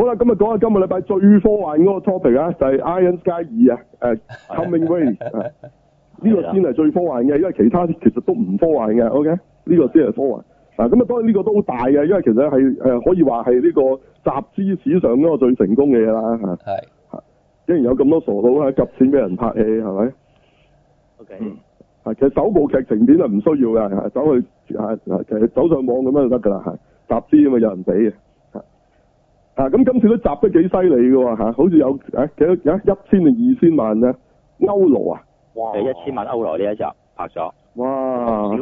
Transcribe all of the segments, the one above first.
好啦，今日講下今日禮拜最科幻嗰個 topic 啊，就係、是、Iron Sky 二、uh, Okay. Right. 啊，誒，Coming Race，呢個先係最科幻嘅，因為其他其實都唔科幻嘅，OK，呢個先係科幻。嗱，咁啊，當然呢個都好大嘅，因為其實係誒、呃、可以話係呢個集資史上嗰個最成功嘅嘢啦吓。係是，依、啊、然有咁多傻佬喺集錢俾人拍戲，係咪？OK，係、嗯啊，其實首部劇情片啊，唔需要嘅、啊，走去、啊、其實走上網咁樣就得噶啦，吓、啊、集資啊嘛，有人俾嘅。嗱，咁今次都集得幾犀利嘅嚇，好似有誒幾多一一千定二千萬啊？歐羅啊，哇！一千萬歐羅呢一集拍咗，哇！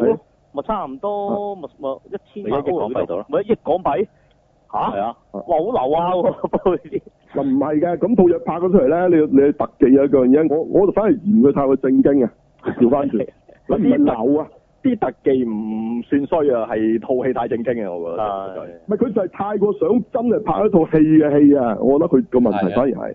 咪差唔多咪一千萬喎，一億港幣到咯，一億港幣嚇？係啊，哇好流啊！嗰啲又唔係嘅，咁套若拍咗出嚟咧，你你特技有一樣嘢，我我就反而嫌佢太過正經啊，調翻轉，乜唔係流啊？啲特技唔算衰啊，係套戲太正經嘅，我覺得。唔係佢就係太過想真係拍一套戲嘅戲啊，我覺得佢個問題反而係。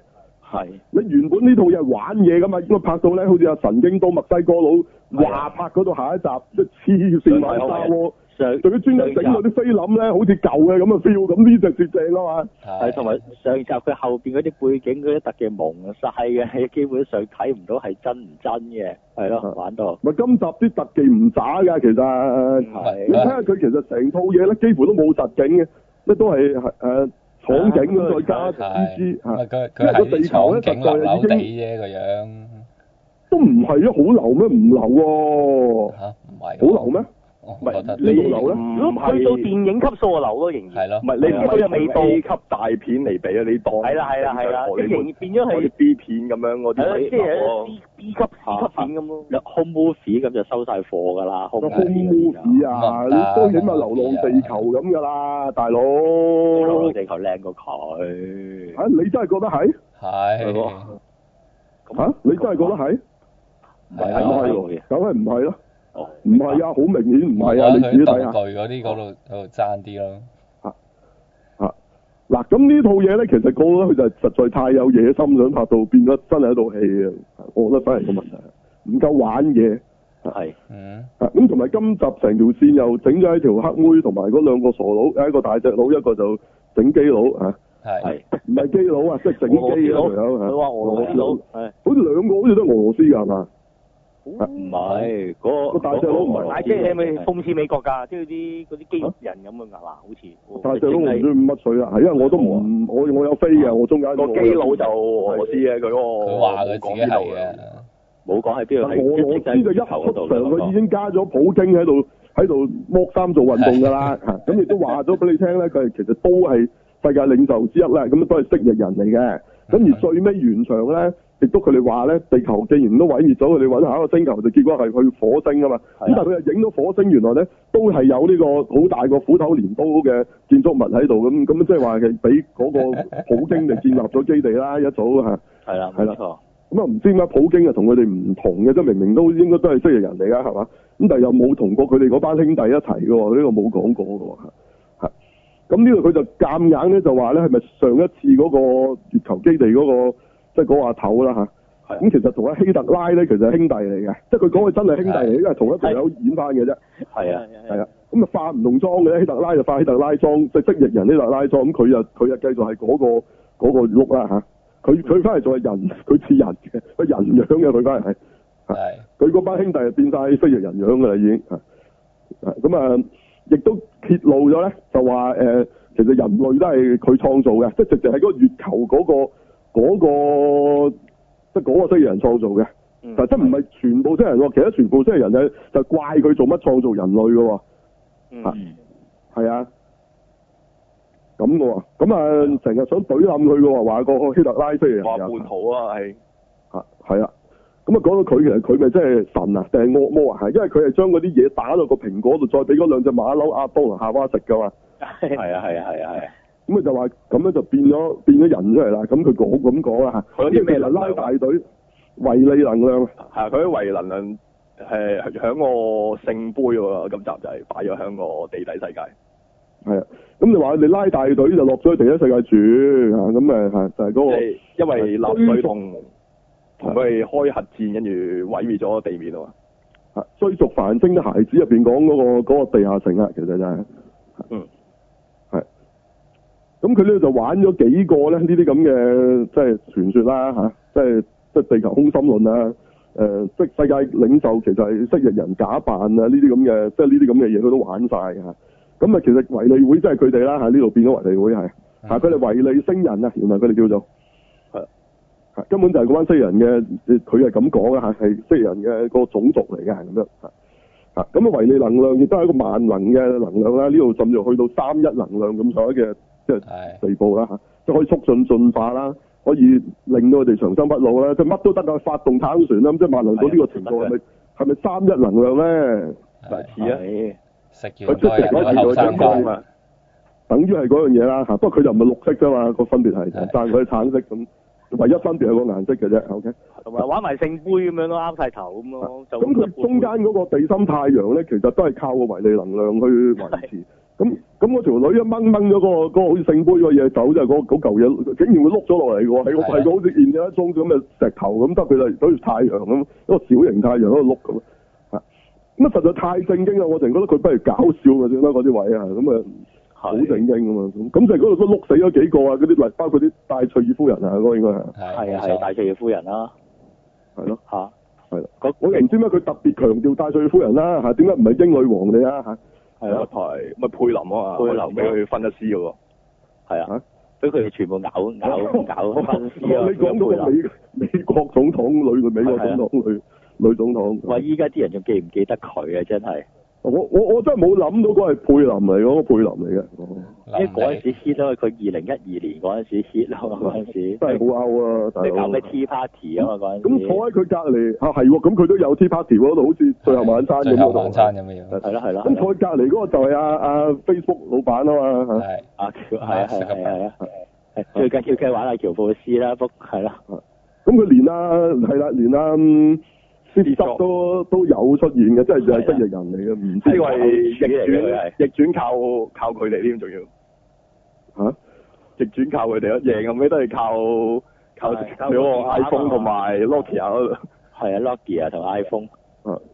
係。你原本呢套嘢係玩嘢噶嘛，應該拍到咧好似阿神經刀墨西哥佬話拍嗰度下一集都黐線埋。的上，仲要專登整嗰啲菲林咧，好似舊嘅咁啊 feel，咁呢啲就設計嘛。係，同埋上集佢後邊嗰啲背景嗰啲特技蒙晒嘅，基本上睇唔到係真唔真嘅。係咯，玩到。咪今集啲特技唔渣嘅，其實。係。你睇下佢其實成套嘢咧，幾乎都冇實景嘅，乜都係係誒廠景再加意思嚇。因為個地球咧實在係已經都唔係啊，好流咩？唔流。嚇，唔係。好流咩？唔係你唔去到電影級數啊，樓都仍然係啦，唔係你知佢又未到 B 級大片嚟俾啊，你當係啦係啦係啦，你仍然變咗係好似 B 片咁樣嗰啲。係咯，即係 B B 級 B 級片咁咯。Home movies 咁就收晒貨㗎啦，home movies 啊，你當係《流浪地球》咁㗎啦，大佬。《流浪地球》靚過佢。嚇，你真係覺得係？係。係喎。嚇，你真係覺得係？唔係唔係，梗係唔係咯？唔係啊，好明顯唔係啊，你自己睇啊。團隊嗰啲嗰度嗰度爭啲咯。啊啊，嗱咁呢套嘢咧，其實我覺佢就實在太有野心，想拍到變咗真係一套戲啊！我覺得反而個問題，唔夠玩嘢。係。咁，同埋今集成條線又整咗一條黑妹，同埋嗰兩個傻佬，一個大隻佬，一個就整基佬啊。係。唔係基佬啊，即係整基佬。朋友。話俄羅斯佬。好似兩個好似都係俄羅斯噶係嘛？唔係，嗰嗰、oh, 那個、大隻佬唔係即係咪諷刺美國㗎？即係啲啲機人咁樣㗎嘛、啊嗯？好似、哦、大隻佬唔知乜水啊！係因為我都唔我 Drop Jama ican 我有飛啊！我中意喺、啊那個基佬就是我知嘅佢，佢話佢講呢度嘢，冇講喺邊度。我我呢度一出場，佢已經加咗普京喺度喺度剝衫做運動㗎啦，咁亦都話咗俾你聽咧，佢其實都係世界領袖之一咧，咁都係蜥蜴人嚟嘅。咁的而最尾原場咧。亦都佢哋話咧，地球既然都毀滅咗，佢哋搵下一個星球，就結果係去火星啊嘛。咁但係佢又影到火星，原來咧都係有呢個好大個斧頭鐮刀嘅建築物喺度，咁咁即係話係俾嗰個普京就建立咗基地啦， 一早嚇。係啦，係冇錯。咁啊，唔知點解普京啊同佢哋唔同嘅，即明明都應該都係蘇聯人嚟啊，係嘛？咁但係又冇同過佢哋嗰班兄弟一齊喎。呢、呢個冇講過㗎嚇嚇。咁呢個佢就夾硬咧，就話咧係咪上一次嗰個月球基地嗰、嗰個？即係嗰個阿頭啦嚇，咁其實同阿希特拉咧其實兄弟嚟嘅，即係佢講佢真係兄弟嚟，因為同一條友演翻嘅啫。係啊，係啊。咁啊，化唔同裝嘅，希特拉就化希特拉裝，即係蜥蜴人嘅希特拉裝。咁佢又佢又繼續係嗰個嗰個碌啦嚇。佢佢翻嚟仲係人，佢似人嘅，佢人樣嘅佢翻嚟。係。佢嗰班兄弟就變晒非人人樣㗎啦已經。咁啊，亦都揭露咗咧，就話誒，其實人類都係佢創造嘅，即係直直係嗰個月球嗰個。嗰、那個即係嗰個西人創造嘅，但係真唔係全部西人喎，其他全部西人就就怪佢做乜創造人類㗎喎，係、嗯、啊，咁嘅喎，咁啊成日、嗯、想懟冧佢嘅喎，話個希特拉西人就半途啊，係，嚇係啊，咁啊講、啊、到佢其實佢咪真係神啊定係惡魔啊？係、啊，因為佢係將嗰啲嘢打到個蘋果度，再俾嗰兩隻馬騮阿波同夏娃食㗎嘛，係啊係 啊係啊。咁佢就話咁樣就變咗變咗人出嚟啦，咁佢講咁講啦吓。佢有啲咩能拉大隊維利能量，係佢啲維能量係響個聖杯喎。咁集就係擺咗響個地底世界。係啊，咁你話你拉大隊就落咗去地底世界住，咁咪係就係、是、嗰、嗰個。因為納粹同佢開核戰，跟住毀滅咗地面啊嘛。係追逐繁星嘅孩子入邊講嗰個、嗰個地下城啦，其實就係、是。嗯。咁佢呢度就玩咗幾個咧呢啲咁嘅，即係傳說啦嚇、啊，即係即係地球空心論啊，誒即係世界領袖其實係蜥蜴人假扮啊呢啲咁嘅，即係呢啲咁嘅嘢佢都玩晒嚇。咁啊，其實維利會即係佢哋啦嚇，呢、啊、度變咗維利會係，啊佢哋維利星人啊，原來佢哋叫做係、啊，根本就係嗰班蜥蜴人嘅，佢係咁講啊嚇，係蜥蜴人嘅個種族嚟嘅咁樣嚇嚇。咁啊維、啊啊啊、利能量亦都係一個萬能嘅能量啦，呢度甚至去到三一能量咁所謂嘅。即係地步啦，即係可以促進進化啦，可以令到佢哋長生不老啦，即係乜都得啊！發動太空船啦，咁即係萬能到呢個程度，係咪係咪三一能量咧？係啊，食完佢即刻可以變為三光啦，等於係嗰樣嘢啦嚇。不過佢就唔係綠色啫嘛，個分別係，但佢係橙色咁，唯一分別係個顏色嘅啫。O K。同埋玩埋聖杯咁樣咯，啱曬頭咁咯，就咁佢中間嗰個地心太陽咧，其實都係靠個維利能量去維持。咁咁嗰條女一掹掹咗嗰個、那個好似聖杯嗰嘢走，就係嗰嗰嘢竟然會碌咗落嚟嘅喎，係個係個是、啊、好似然之後裝咁嘅石頭咁得佢啦，好、那、似、個、太陽咁一個小型太陽喺度碌咁啊，咁、那、啊、個嗯嗯、實在太正經啦，我成日覺得佢不如搞笑嘅啫啦嗰啲位、嗯、是啊，咁啊好正經噶嘛，咁就係嗰度都碌死咗幾個啊，嗰啲嚟，包括啲戴翠爾夫，、那個、夫人啊嗰個應該係，係啊係戴翠爾夫人啦、啊，係咯吓，係，我我唔知咩，佢特別強調戴翠爾夫人啦吓，點解唔係英女王你啊吓？啊係個台，咪、啊啊、佩林啊，佩林俾佢分咗屍㗎喎，係啊，俾佢哋全部咬咬咬分屍啊，美國總統女嘅美國總統女、啊、女總統女，喂，依家啲人仲記唔記得佢啊？真係。我我我真係冇諗到佢係佩林嚟，嗰個佩林嚟嘅。因為嗰時 heat 啦，佢二零一二年嗰陣時 heat 啦，嗰陣時真係好 out 啊！你搞咩 Tea Party 啊嘛？嗰陣時。咁坐喺佢隔離，啊係喎，咁佢都有 Tea Party 嗰度好似最後晚餐咁樣。餐咁嘅樣。係啦係啦。咁坐喺隔離嗰個就係阿阿 Facebook 老闆啊嘛。係。阿喬係係係啊。係最緊要嘅玩阿喬布斯啦，福係啦。咁佢連啦，係啦，連啦。都都有出現嘅，真係又係得人嚟嘅，唔知靠乜嘢係。因為逆轉逆轉靠靠佢哋呢，咁仲要嚇，逆轉靠佢哋啊！贏咁咩都係靠靠個 iPhone 同埋 Logitech 係啊 Logitech 同 iPhone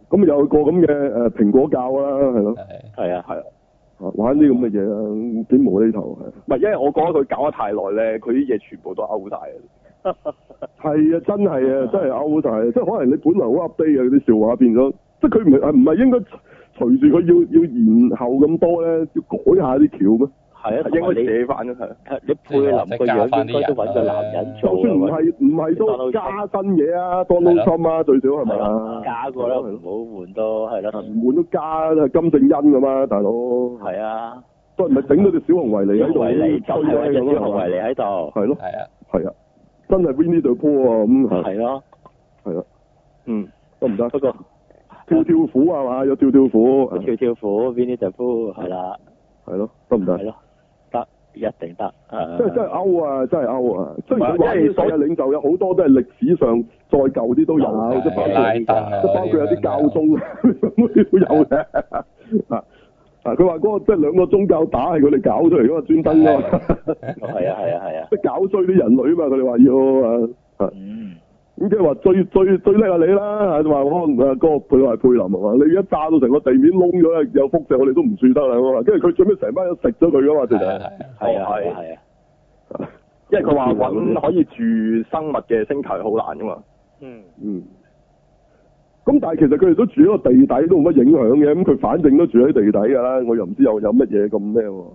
咁有個咁嘅誒蘋果教啦，係咯，係啊，係啊，玩啲咁嘅嘢啊，幾無厘頭啊，唔係因為我覺得佢搞得太耐咧，佢啲嘢全部都勾大係啊，真係啊，真係 out 晒，即係可能你本來好 update 嘅啲笑話變咗，即係佢唔係唔係應該隨住佢要要延後咁多咧，要改下啲橋咩？係啊，應該寫翻啊，係啊，你佩林個樣應該都揾個男人，就算唔係唔係都加新嘢啊，Donald Trump 啊，最少係咪啊？加過啦唔好換都係啦，換都加，金正恩㗎嘛，大佬係啊，都唔係整咗隻小熊維尼喺度？嚟，就係一小熊維尼喺度，係咯，係啊，係啊。真係 Winnie the Pooh 啊咁係係咯係咯嗯得唔得？不過跳跳虎係嘛有跳跳虎跳跳虎 Winnie the Pooh 係啦係咯得唔得？係咯得一定得啊！真係真係歐啊！真係歐啊！雖然你話啲領袖有好多都係歷史上再舊啲都有，即係包括即包括有啲教宗都有嘅。佢話嗰個即係兩個宗教打係佢哋搞出嚟噶專登噶嘛，係啊係啊係啊，即係搞衰啲人類啊嘛，佢哋話要啊，咁即係話最最最叻係你啦，係嘛可能啊個配埋佩林啊嘛，你一炸到成個地面窿咗有輻射我哋都唔算得啦，跟住佢最屘成班食咗佢噶嘛，其實，係啊係啊，啊啊啊啊 因為佢話搵可以住生物嘅星球好難噶嘛，嗯嗯。咁但係其實佢哋都住喺個地底都冇乜影響嘅，咁佢反正都住喺地底噶啦，我又唔知有有乜嘢咁咩，係咯，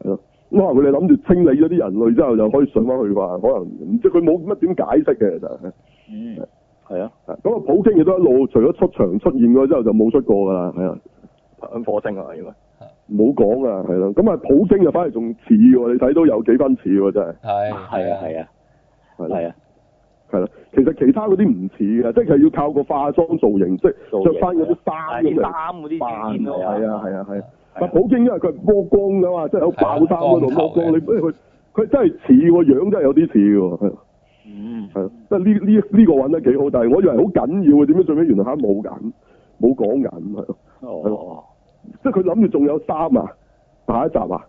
係咯，可能佢哋諗住清理咗啲人類之後就可以上翻去啩，可能唔知佢冇乜點解釋嘅其實係，嗯，係啊，咁啊的普京亦都一路除咗出場出現過之後就冇出過噶啦，係啊，火星啊嘛，應該的，唔好講啊，係咯，咁啊普京啊反而仲似喎，你睇到有幾分似喎真係，係，係啊，係啊。係啦，其實其他嗰啲唔似嘅，即係要靠個化妝造型，即係着翻啲衫嗰啲扮，係啊係啊係啊。但普京因為佢係光光噶嘛，即係有爆衫嗰度波光，你佢佢真係似個樣，真係有啲似嘅。嗯，係即係呢呢呢個搵得幾好，但係我以為好緊要嘅，點解最尾原來吓冇緊，冇講緊係即係佢諗住仲有三啊，下一集啊，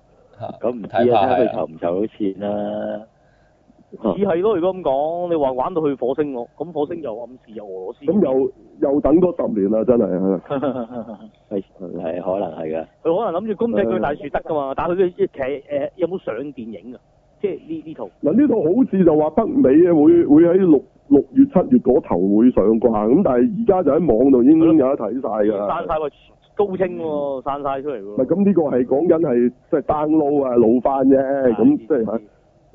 咁唔知啊，睇佢籌唔籌到錢啦。只係咯，如果咁講，你話玩到去火星喎，咁火星又暗示又俄羅斯，咁又又等多十年啦，真係係 可能係嘅。佢可能諗住公仔佢大樹得噶嘛，的但係佢佢其實誒有冇上電影啊？即係呢呢套。嗱，呢套好似就話北美啊會會喺六六月七月嗰頭會上啩，咁但係而家就喺網度已經有得睇晒噶，散晒喎高清喎，散晒出嚟喎。咁呢、嗯、個係講緊係即係 download 啊老翻啫，咁即係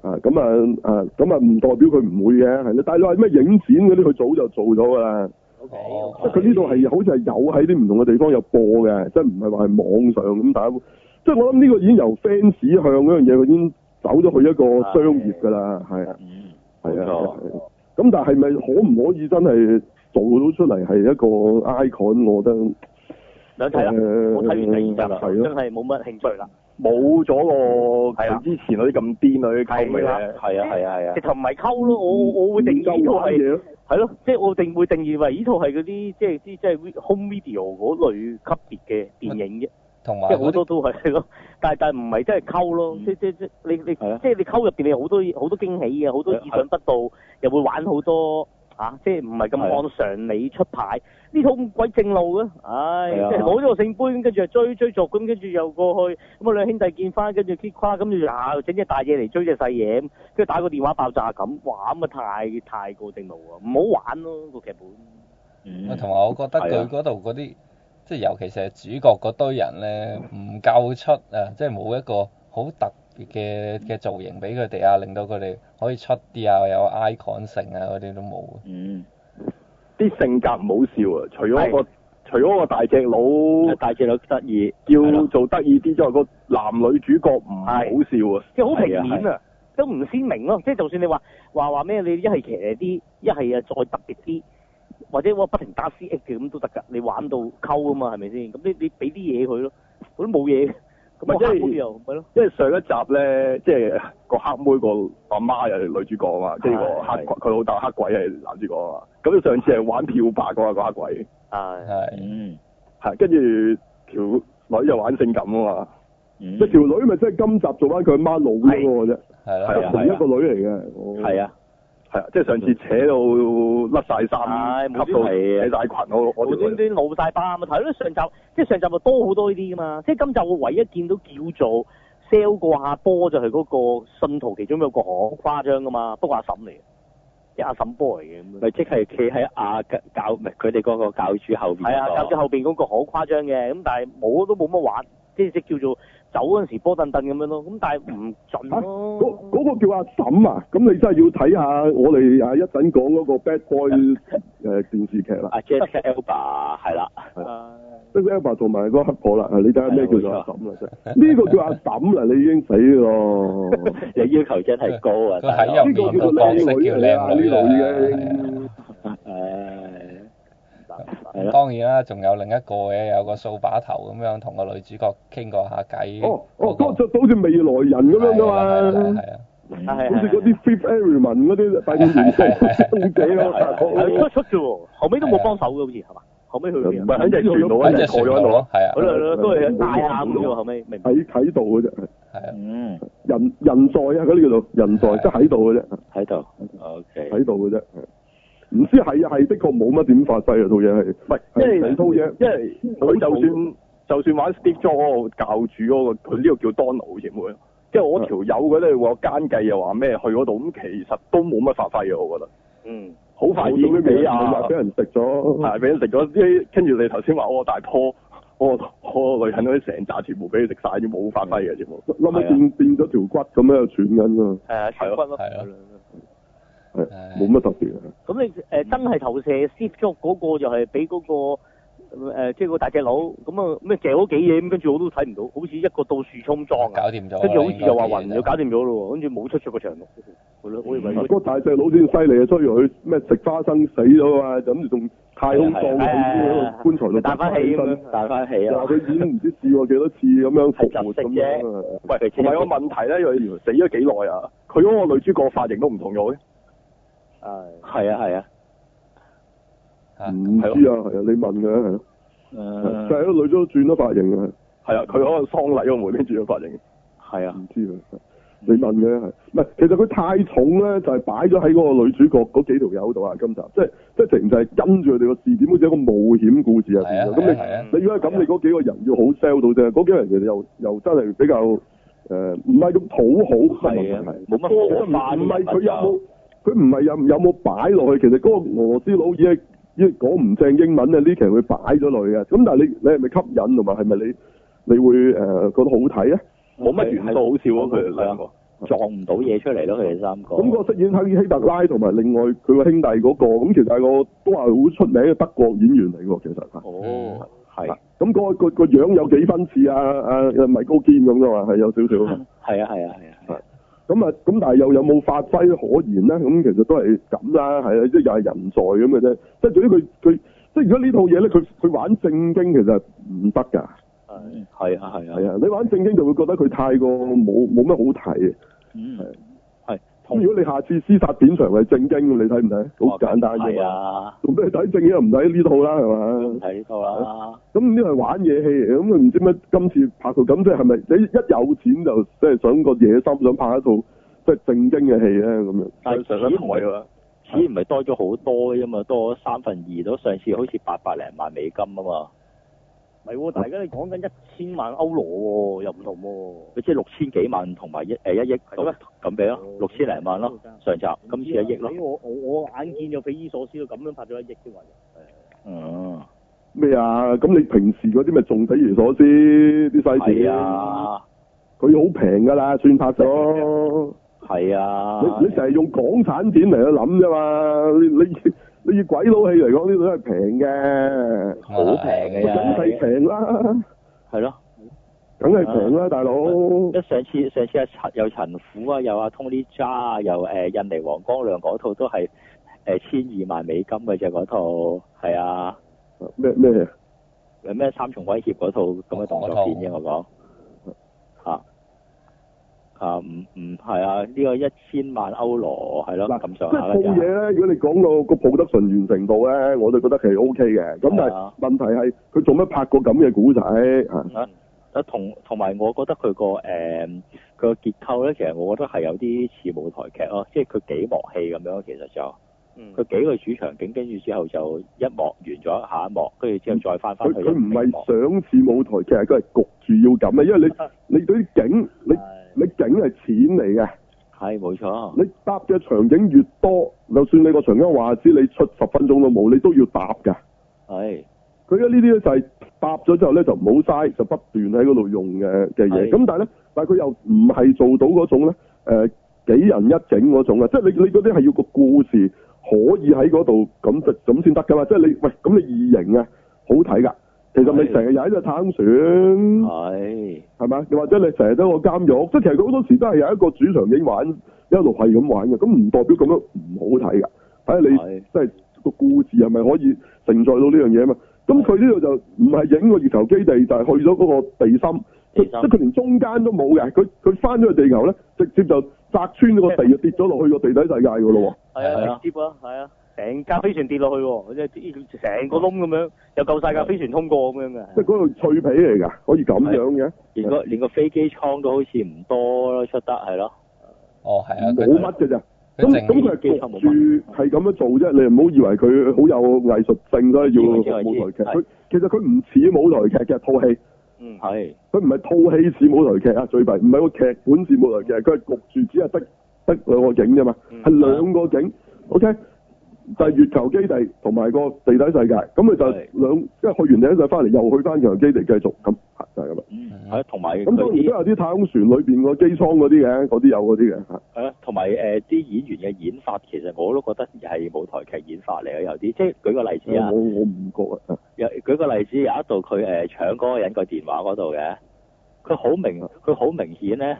啊，咁啊，咁啊，唔代表佢唔會嘅，係咯。但係你話咩影展嗰啲，佢早就做咗㗎啦。O、okay, K，、okay, 即係佢呢度係好似係有喺啲唔同嘅地方有播嘅，即係唔係話係網上咁，但係即係我諗呢個已經由 fans 向嗰樣嘢，佢已經走咗去一個商業㗎啦，係、啊。啊、嗯，冇錯。咁、嗯、但係咪可唔可以真係做到出嚟係一個 icon？我覺得兩隻眼，我睇完啦真係冇乜興趣啦。冇咗咯，唔之前嗰啲咁癲女，係咪？係啊係啊係啊，直頭唔係溝咯，我、嗯、我會定義呢套係係咯，即係、啊就是、我定會定義為呢套係嗰啲即係啲即係 home video 嗰類級別嘅電影啫，同埋即係好多都係咯，但係但係唔係真係溝咯，即即即你你即係你溝入面，你好、啊、多好多驚喜嘅，好多意想不到，啊啊、又會玩好多。啊、即係唔係咁按常理出牌？呢套咁鬼正路啊，唉、哎，的即係攞咗個聖杯，跟住又追追逐，咁跟住又過去，咁啊兩兄弟見翻，跟住啲誇，咁跟住啊整隻大嘢嚟追隻細嘢，跟住打個電話爆炸咁，哇！咁啊太太過正路啊，唔好玩咯個劇本。同埋、嗯、我覺得佢嗰度嗰啲，即係的尤其是係主角嗰堆人咧，唔夠出啊，即係冇一個好特。嘅嘅造型俾佢哋啊，令到佢哋可以出啲啊，有 icon 性啊，嗰啲都冇嘅。嗯，啲性格唔好笑啊，除咗、嗰個的除咗個大隻佬，啊、大隻佬得意，要做得意啲，即係個男女主角唔好笑啊，的即係好平面啊，是是都唔鮮明咯、啊。即係就算你話話話咩，你奇一係騎啲，一係啊再特別啲，或者我不停打 C X 咁都得㗎。你玩到溝啊嘛，係咪先？咁你你俾啲嘢佢咯，佢都冇嘢。唔係即係，即係上一集咧，即係個黑妹個阿媽又係女主角啊嘛，跟住個黑佢老豆黑鬼係男主角啊嘛。咁佢上次係玩漂白嗰個黑鬼，係係嗯，係跟住條女又玩性感啊嘛。嗯，條女咪即係今集做翻佢阿媽老啫喎啫，係同一個女嚟嘅。係啊。係啊，即係上次扯到甩晒衫，笠到甩曬裙，我我端端露曬把咪頭。睇上集即係上集咪多好多呢啲噶嘛，即係今集我唯一見到叫做 sell 過下波就係嗰個信徒其中的一個好誇張噶嘛，不過阿嬸嚟嘅，即阿嬸波嚟嘅咪即係企喺阿教咪佢哋嗰個教主後面、那個。係啊，教主後邊嗰個好誇張嘅，咁但係冇都冇乜玩，即係即係叫做。走嗰時波凳凳咁樣囉，咁但係唔準嗰、啊啊啊嗰個叫阿嬸啊，咁你真係要睇下我哋 啊一陣講嗰個 Bad Boy 誒電視劇啦。阿 Jack Elba 係啦 Jack Elba 同埋嗰個黑婆啦，你睇下咩叫做阿嬸啦、啊，即係呢個叫阿嬸啦、啊，你已經死咯， 你要求真係高啊，呢個叫做靚女嚟 啊呢類嘅。當然啦，仲有另一個嘅，有個掃把頭咁樣同個女主角傾過下偈。哦哦，嗰個就好似未來人咁樣㗎嘛。係啊，好似嗰啲 Fifth Aviary 啊嗰啲，大到連身都冇幾出出㗎喎，後屘都冇幫手嘅，好似係嘛？後屘佢哋唔係喺人船度，喺人坐喺度咯。係啊。嗰兩兩都係大喊嘅喎，後屘。喺喺度嘅啫。係啊。嗯。人人才啊！嗰啲叫做人才，即係喺度嘅啫。喺度。O K。喺度嘅啫。唔知係啊，係的確冇乜點發揮啊，套嘢係，唔係即係套嘢，因為佢的就算就算玩 Steve Jobs 教主嗰個，佢呢個叫 Donald，全部的，即係我條友嗰啲話奸計又話咩去嗰度，咁其實都冇乜發揮啊我覺得。嗯，好快啲俾啊俾人食咗，係俾人食咗。跟住你頭先話我大坡，我我女行嗰啲成紮全部俾佢食曬，冇發揮嘅全部，諗下的變變咗條骨咁樣喺度轉緊嘛，係啊，係啊。冇乜特別嘅。咁你誒，真係投射 s i p 咗嗰個，就係俾嗰個誒，即係個大隻佬咁啊咩借咗幾嘢，咁跟住我都睇唔到，好似一個到處衝撞搞掂咗，跟住好似又話暈，又搞掂咗咯，跟住冇出出個場我以為嗰個大隻佬先犀利啊，出入去咩食花生死咗啊嘛，住仲，太空葬喺棺材度打翻起咁啊，打翻起啊！話佢演唔知試過幾多次咁樣，复唔係個問題咧？原來死咗幾耐啊？佢嗰個女主角髮型都唔同咗係，啊，係啊，唔知啊，係啊，你問嘅係，就係個女都轉咗髮型啊，係啊，佢可能喪禮個妹邊轉咗髮型，係啊，唔知啊，你問嘅係，唔係，其實佢太重咧，就係擺咗喺嗰個女主角嗰幾條友度啊，今集，即係即係直情就係跟住佢哋個字典好似一個冒險故事入邊啊。咁，你你如果係咁，你嗰幾個人要好 sell 到啫，嗰幾個人其實又又真係比較誒，唔係咁討好，係啊，係，冇乜，唔係佢又。佢唔係有有冇擺落去？其實嗰個俄羅斯佬已經講唔正英文咧，呢期佢擺咗落去。咁但係你你係咪吸引同埋係咪你你會誒覺得好睇咧？冇乜元素好笑咯，佢哋三個撞唔到嘢出嚟咯，佢哋三個。咁個，嗯嗯嗰個飾演希希特拉同埋另外佢個兄弟嗰、嗰個，咁其實係個都係好出名嘅德國演員嚟嘅喎，其實哦，係是。咁嗰、嗰個、嗰個樣有幾分似啊？阿、啊、米高堅咁嘅嘛？係有少少。係啊！係啊！係啊！的咁啊，咁但係又有冇發揮可言咧？咁其實都係咁啦，係啊，即係又係人在咁嘅啫。即係對於佢佢，即係如果呢套嘢咧，佢佢玩正經其實唔得㗎。係係啊係啊，你玩正經就會覺得佢太過冇冇乜好睇啊。嗯。係。咁如果你下次廝殺片場係正經你睇唔睇？好、啊、簡單嘅。係啊，做咩睇正經又唔睇呢套啦？係嘛？睇套啦。咁呢個係玩嘢戲嚟，咁唔知咩。今次拍到咁即係咪？係係唔係你一有錢就即係想個野心，想拍一套即係正經嘅戲咧咁樣。但上次唔係啊嘛，錢唔係多咗好多啫嘛，多三分二都上次好似八百零萬美金啊嘛。唔係喎，但係而家你講緊一千萬歐羅喎，又唔同喎。佢即係六千幾萬同埋一誒一億咁，咁俾咯，六千零萬咯，上集今次一億咯。我我我眼見咗匪夷所思咯，咁樣拍咗一億啫嘛。哦，咩啊？咁你平時嗰啲咪仲匪夷所思啲細事？係啊，佢好平㗎啦，算拍咗。係啊，你你成日用港產片嚟去諗啫嘛，你。以鬼佬戲嚟講，啲都係平嘅，好平嘅，咁係平啦，係咯的，梗係平啦，大佬哥。一上次上次阿有，有陳虎啊，又阿 Tony j a 又、呃、印尼王光亮嗰套都係千二萬美金嘅啫，嗰套係啊咩咩有咩三重威脅嗰套咁嘅動作片啫，我講然。啊，唔唔係啊，呢、這個一千萬歐羅係咯，咁上下嘅嘢咧。如果你講到、這個抱得純完程度咧，我就覺得係 O K 嘅。咁、啊、但係問題係佢做乜拍個咁嘅古仔啊？同同埋，我覺得佢個誒，佢、嗯、個結構咧，其實我覺得係有啲似舞台劇咯，即係佢幾幕戲咁樣，其實就佢、嗯、幾個主場景，跟住之後就一幕完咗下一幕，跟住之後再翻翻去。佢佢唔係想似舞台劇，佢係焗住要咁啊，因為你、嗯、你啲景、啊、你。你景係錢嚟嘅，係冇錯，錯你搭嘅場景越多，就算你個場景話知你出十分鐘都冇，你都要搭㗎。係是，佢而家呢啲咧就係搭咗之後咧就唔好嘥，就不斷喺嗰度用嘅嘅嘢。咁是但係咧，但係佢又唔係做到嗰種咧，誒、呃、幾人一景嗰種啊，即係你你嗰啲係要個故事可以喺嗰度咁咁先得噶嘛，即係你喂咁你異形啊好睇噶。其實你成日又喺度參選，係的，係嘛？又或者你成日都喺個監獄，即係其實佢好多時都係有一個主場景玩，一路係咁玩嘅，咁唔代表咁樣唔好睇噶。睇、哎、下你的即係個故事係咪可以承載到呢樣嘢啊嘛？咁佢呢度就唔係影個月球基地，就係、是、去咗嗰個地心，地深即係佢連中間都冇嘅。佢佢翻咗去地球咧，直接就砸穿咗個地，跌咗落去個地底世界噶咯。係啊 k 啊，係啊。成架飛船跌落去，即係成個窿咁樣，又夠晒架飛船通過咁樣嘅。即係嗰度脆皮嚟㗎，可以咁樣嘅。連個連個飛機艙都好似唔多咯出得，係咯。哦，係啊，冇乜嘅咋。咁咁佢係焗住係咁樣做啫。你唔好以為佢好有藝術性咯，要舞台劇。佢其實佢唔似舞台劇嘅套戲，嗯係，佢唔係套戲似舞台劇啊，最弊唔係個劇本似舞台劇，佢係焗住，只係得得兩個景啫嘛，係兩個景。OK。就係月球基地同埋個地底世界，咁佢就兩即係的去完第一世翻嚟，又去翻月球基地繼續咁，係就係咁啦。係，同埋咁當然都有啲太空船裏邊個機艙嗰啲嘅，嗰啲有嗰啲嘅。係啊，同埋誒啲演員嘅演法，其實我都覺得而係舞台劇演法嚟嘅有啲，即係舉個例子啊。我我唔覺啊。有舉個例子，有一度佢誒搶嗰個人個電話嗰度嘅，佢好明，佢好明顯咧。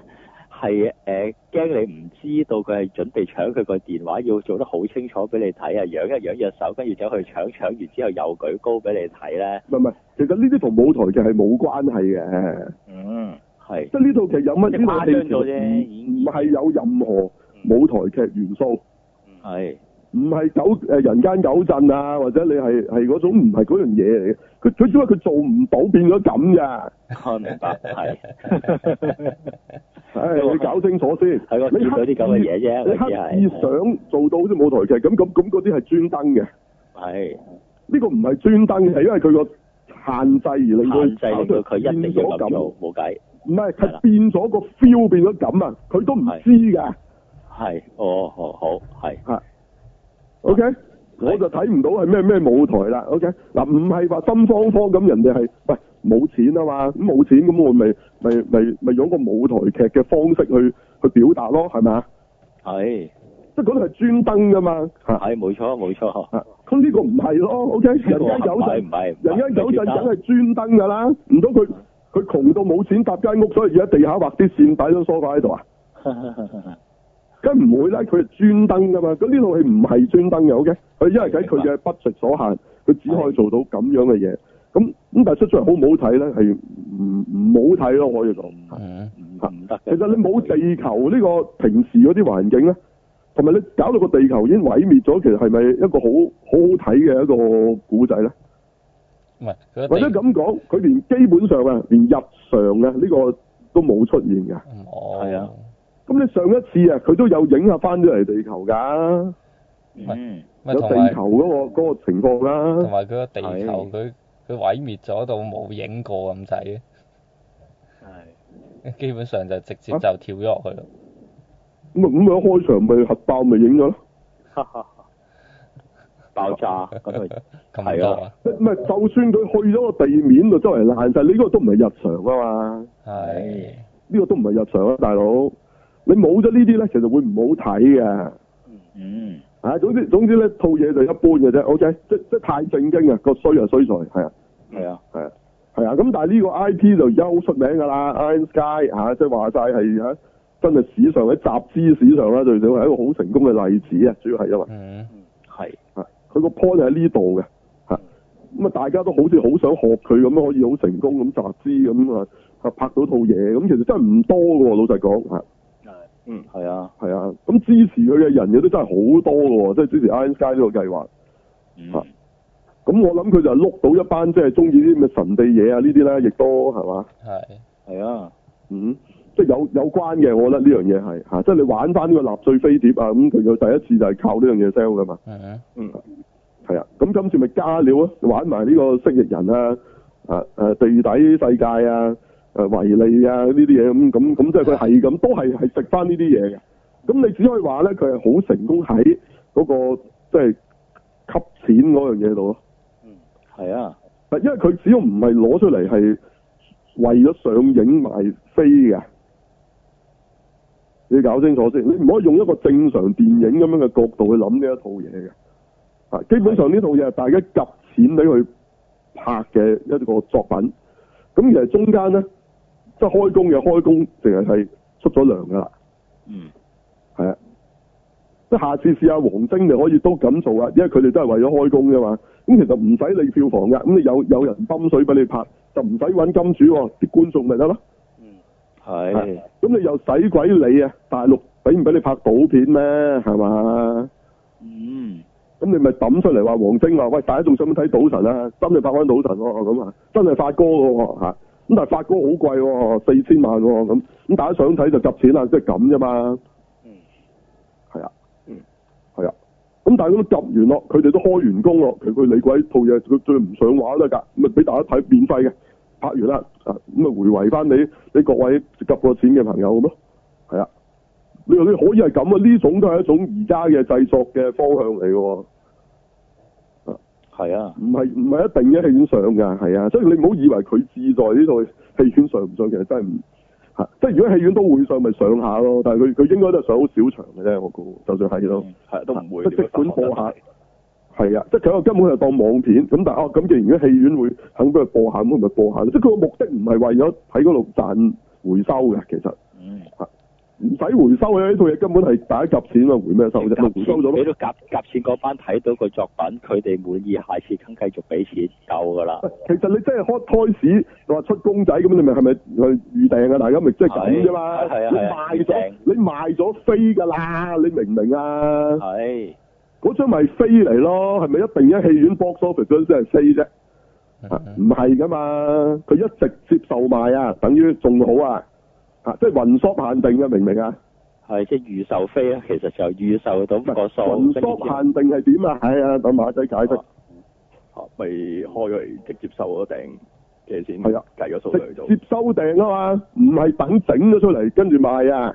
係誒，驚、呃、你唔知道佢係準備搶佢個電話，要做得好清楚俾你睇啊！樣一樣隻手，跟住走去搶，搶完之後又舉高俾你睇咧。唔係，其實呢啲同舞台劇係冇關係嘅。嗯，係是。即係呢套劇有乜？誇張咗啫，唔係有任何舞台劇元素。係、嗯。唔係走誒人間狗鎮啊，或者你係係嗰種唔係嗰樣嘢嚟嘅。佢佢點解佢做唔到變咗咁嘅？我明白，係、 哎。係你搞清楚先。係我到啲咁嘅嘢啫。你刻意想的做到好似舞台劇咁，咁咁嗰啲係專登嘅。係呢的個唔係專登嘅，係因為佢個限制而令佢制令一定要到佢變咗咁，冇計。唔係佢變咗個 feel 變咗咁啊！佢都唔知㗎。係哦，好好係。O Okay ? K，啊、我就睇唔到係咩咩舞台啦。O K，嗱唔係話心慌慌咁，人哋係喂冇錢啊嘛，咁冇錢咁我咪咪咪咪用個舞台劇嘅方式去去表達咯，係咪？係，即係嗰度係專登噶嘛。係，冇錯冇錯。咁呢個唔係咯，O K，人家陣不是人家有陣梗係專登噶啦，唔通佢佢窮到冇錢搭間屋，所以而家地下畫啲線擺咗梳化喺度啊？ 梗唔會啦，佢係專登噶嘛。佢呢套戲唔係專登，OK，佢因為喺佢嘅不食所限，佢只出出好好可以做到咁樣嘅嘢。咁咁但係出咗嚟好唔好睇咧？係唔唔好睇咯，可以講。唔得，其實你冇地球呢個平時嗰啲環境咧，同埋你搞到個地球已經毀滅咗，其實係咪一個好好好好睇嘅一個古仔咧？唔係，或者咁講，佢連基本上啊，連日常嘅呢、呢個都冇出現㗎。哦，係啊。咁你上一次啊，佢都有影下翻咗嚟地球噶，咪有地球嗰、嗰個、嗯、個情況啦、啊。同埋佢個地球，佢佢毀滅咗到冇影過咁滯，係基本上就直接就跳咗落去咯。咁啊，咁樣，開場咪核爆咪影咗咯，爆炸咁係，啊，唔係就算佢去咗個地面就周圍爛晒，呢個都唔係日常噶嘛。係呢個都唔係日常啊，大佬。你冇咗呢啲咧，其實會唔好睇嘅。嗯，啊，總之總之咧，套嘢就一般嘅啫。O、OK? K，即即太正經啊，個衰啊衰在，係啊，係、嗯、啊，係啊，啊，啊是是，啊。咁但係呢個 I P 就而家好出名噶啦，Iron Sky 即係話晒係真係史上喺集資史上對最少係一個好成功嘅例子啊。主要係因為，嗯，係啊，佢個 point 喺呢度嘅嚇咁啊，大家都好似好想學佢咁，可以好成功咁集資咁啊，啊，啊，拍到套嘢咁，其實真係唔多嘅。老實講嚇。嗯，係啊，係啊，咁支持佢嘅人亦都真係好多喎，即係支持 Iron Sky 呢個計劃。咁、嗯啊、我諗佢就係碌到一班即係中意啲咁嘅神秘嘢啊呢啲呢亦都係嘛？係係啊。嗯，即係有有關嘅，我覺得呢樣嘢係吓，即係你玩翻呢個納粹飛碟啊，咁佢就第一次就係靠呢樣嘢 sell 噶嘛。係啊。嗯。係啊，咁今次咪加料啊，玩埋呢個蜥蜴人啊，啊啊地底世界啊。誒，維、呃、利啊，呢啲嘢咁咁咁，即係佢係咁，都係係食翻呢啲嘢嘅。咁你只可以話咧，佢係好成功喺嗰、那個即係、就是、吸錢嗰樣嘢度咯。嗯，係啊。因為佢只要唔係攞出嚟係為咗上映埋飛嘅，你搞清楚先，你唔可以用一個正常電影咁樣嘅角度去諗呢一套嘢嘅。啊，基本上呢套嘢係大家夾錢俾佢拍嘅一個作品。咁的而係中間咧。即係開工又開工是的，淨係係出咗糧噶啦。嗯，係啊。即係下次試下王晶，就可以都咁做啦，因為佢哋都係為咗開工啫嘛。咁其實唔使你票房嘅，咁你有有人泵水俾你拍，就唔使搵金主，啊，啲觀眾咪得咯。嗯，係的。咁你又使鬼理啊？大陸俾唔俾你拍賭片咩？係嘛。嗯。咁你咪抌出嚟話王晶話，喂，大家仲想唔想睇賭神啊？今次你拍翻賭神咯，咁啊，真係發哥噶喎吓。但係發哥好貴，四千萬咁、哦、咁，大家想睇就夾錢啦，即係咁啫嘛。嗯，係啊，嗯，係啊。咁但係都夾完咯，佢哋都開完工咯。佢佢理鬼套嘢，佢最唔想玩啦噶，咪俾大家睇免費嘅，拍完啦咁啊就回惠翻你，你各位夾過錢嘅朋友咁咯。係啊，你啲可以係咁啊，呢種都係一種而家嘅製作嘅方向嚟喎。係啊，唔係唔係一定嘅，戲院上噶，係啊，所、就、以、是、你唔好以為佢志在呢套戲院上唔上，其實真係唔吓，即係如果戲院都會上，咪上下咯。但係佢佢應該都係上好少場嘅啫，我估，嗯、就算係咯，係、嗯啊、都唔會，即係、啊、即管播下。係啊，即係佢又根本佢又當網片，咁但係哦，咁既然如果戲院會肯俾佢播下，咁咪播下咯。即係佢個目的唔係為咗喺嗰度賺回收嘅，其實。唔使回收嘅，呢套嘢根本係打夾錢啊，回咩收啫？錢回收咗俾到夾夾錢嗰班睇到佢作品，佢哋滿意，下次肯繼續俾錢，夠噶啦。其實你真係 Hot Toys，話出公仔咁，你咪係咪去預訂啊？大家咪即係咁啫嘛。你賣咗，定你賣咗飛㗎啦，你明唔明啊？係是，嗰張咪飛嚟咯，係咪一定喺戲院 box office 嗰張先係飛啫？唔係㗎嘛，佢一直接受賣啊，等於仲好啊。啊！即係雲鎖限定嘅，明唔明啊？係即係預售飛啊！其實就預售到、嗯、個數。雲索限定係點啊？係啊，等馬仔解釋、啊。啊！咪開咗嚟直接收咗訂錢。係啊，計咗數接收訂啊嘛，唔係等整咗出嚟跟住賣啊。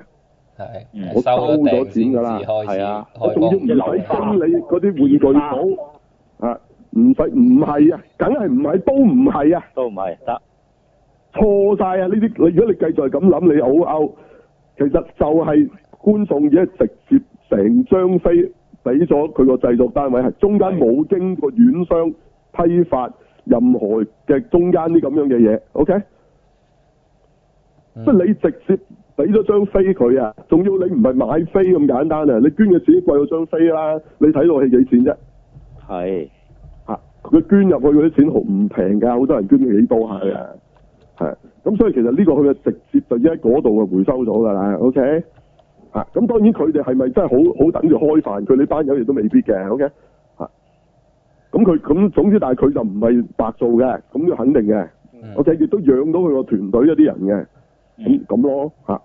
係。我收咗錢噶啦。係啊，我仲要唔使經理嗰啲玩具寶。花啊！唔使唔係啊，梗係唔係都唔係啊。都唔係得。錯晒啊！呢啲，你如果你繼續係咁諗，你好 out，其實就係觀眾而家，直接成張飛俾咗佢個製作單位，係中間冇經過院商批發任何嘅中間啲咁樣嘅嘢，OK？、嗯、即係你直接俾咗張飛佢啊，仲要你唔係買飛咁簡單啊！你捐嘅錢貴過張飛啦，你睇落去幾錢啫？係吓佢捐入去嗰啲錢好唔平噶，好多人捐咗幾多下呀？係，咁所以其實呢個佢就直接就已喺嗰度啊回收咗噶啦，OK，啊，咁當然佢哋係咪真係好好等住開飯？佢哋班友亦都未必嘅，OK，啊，咁佢咁總之，但係佢就唔係白做嘅，咁就肯定嘅的，OK，亦都養到佢個團隊一啲人嘅，咁咁的咯，吓，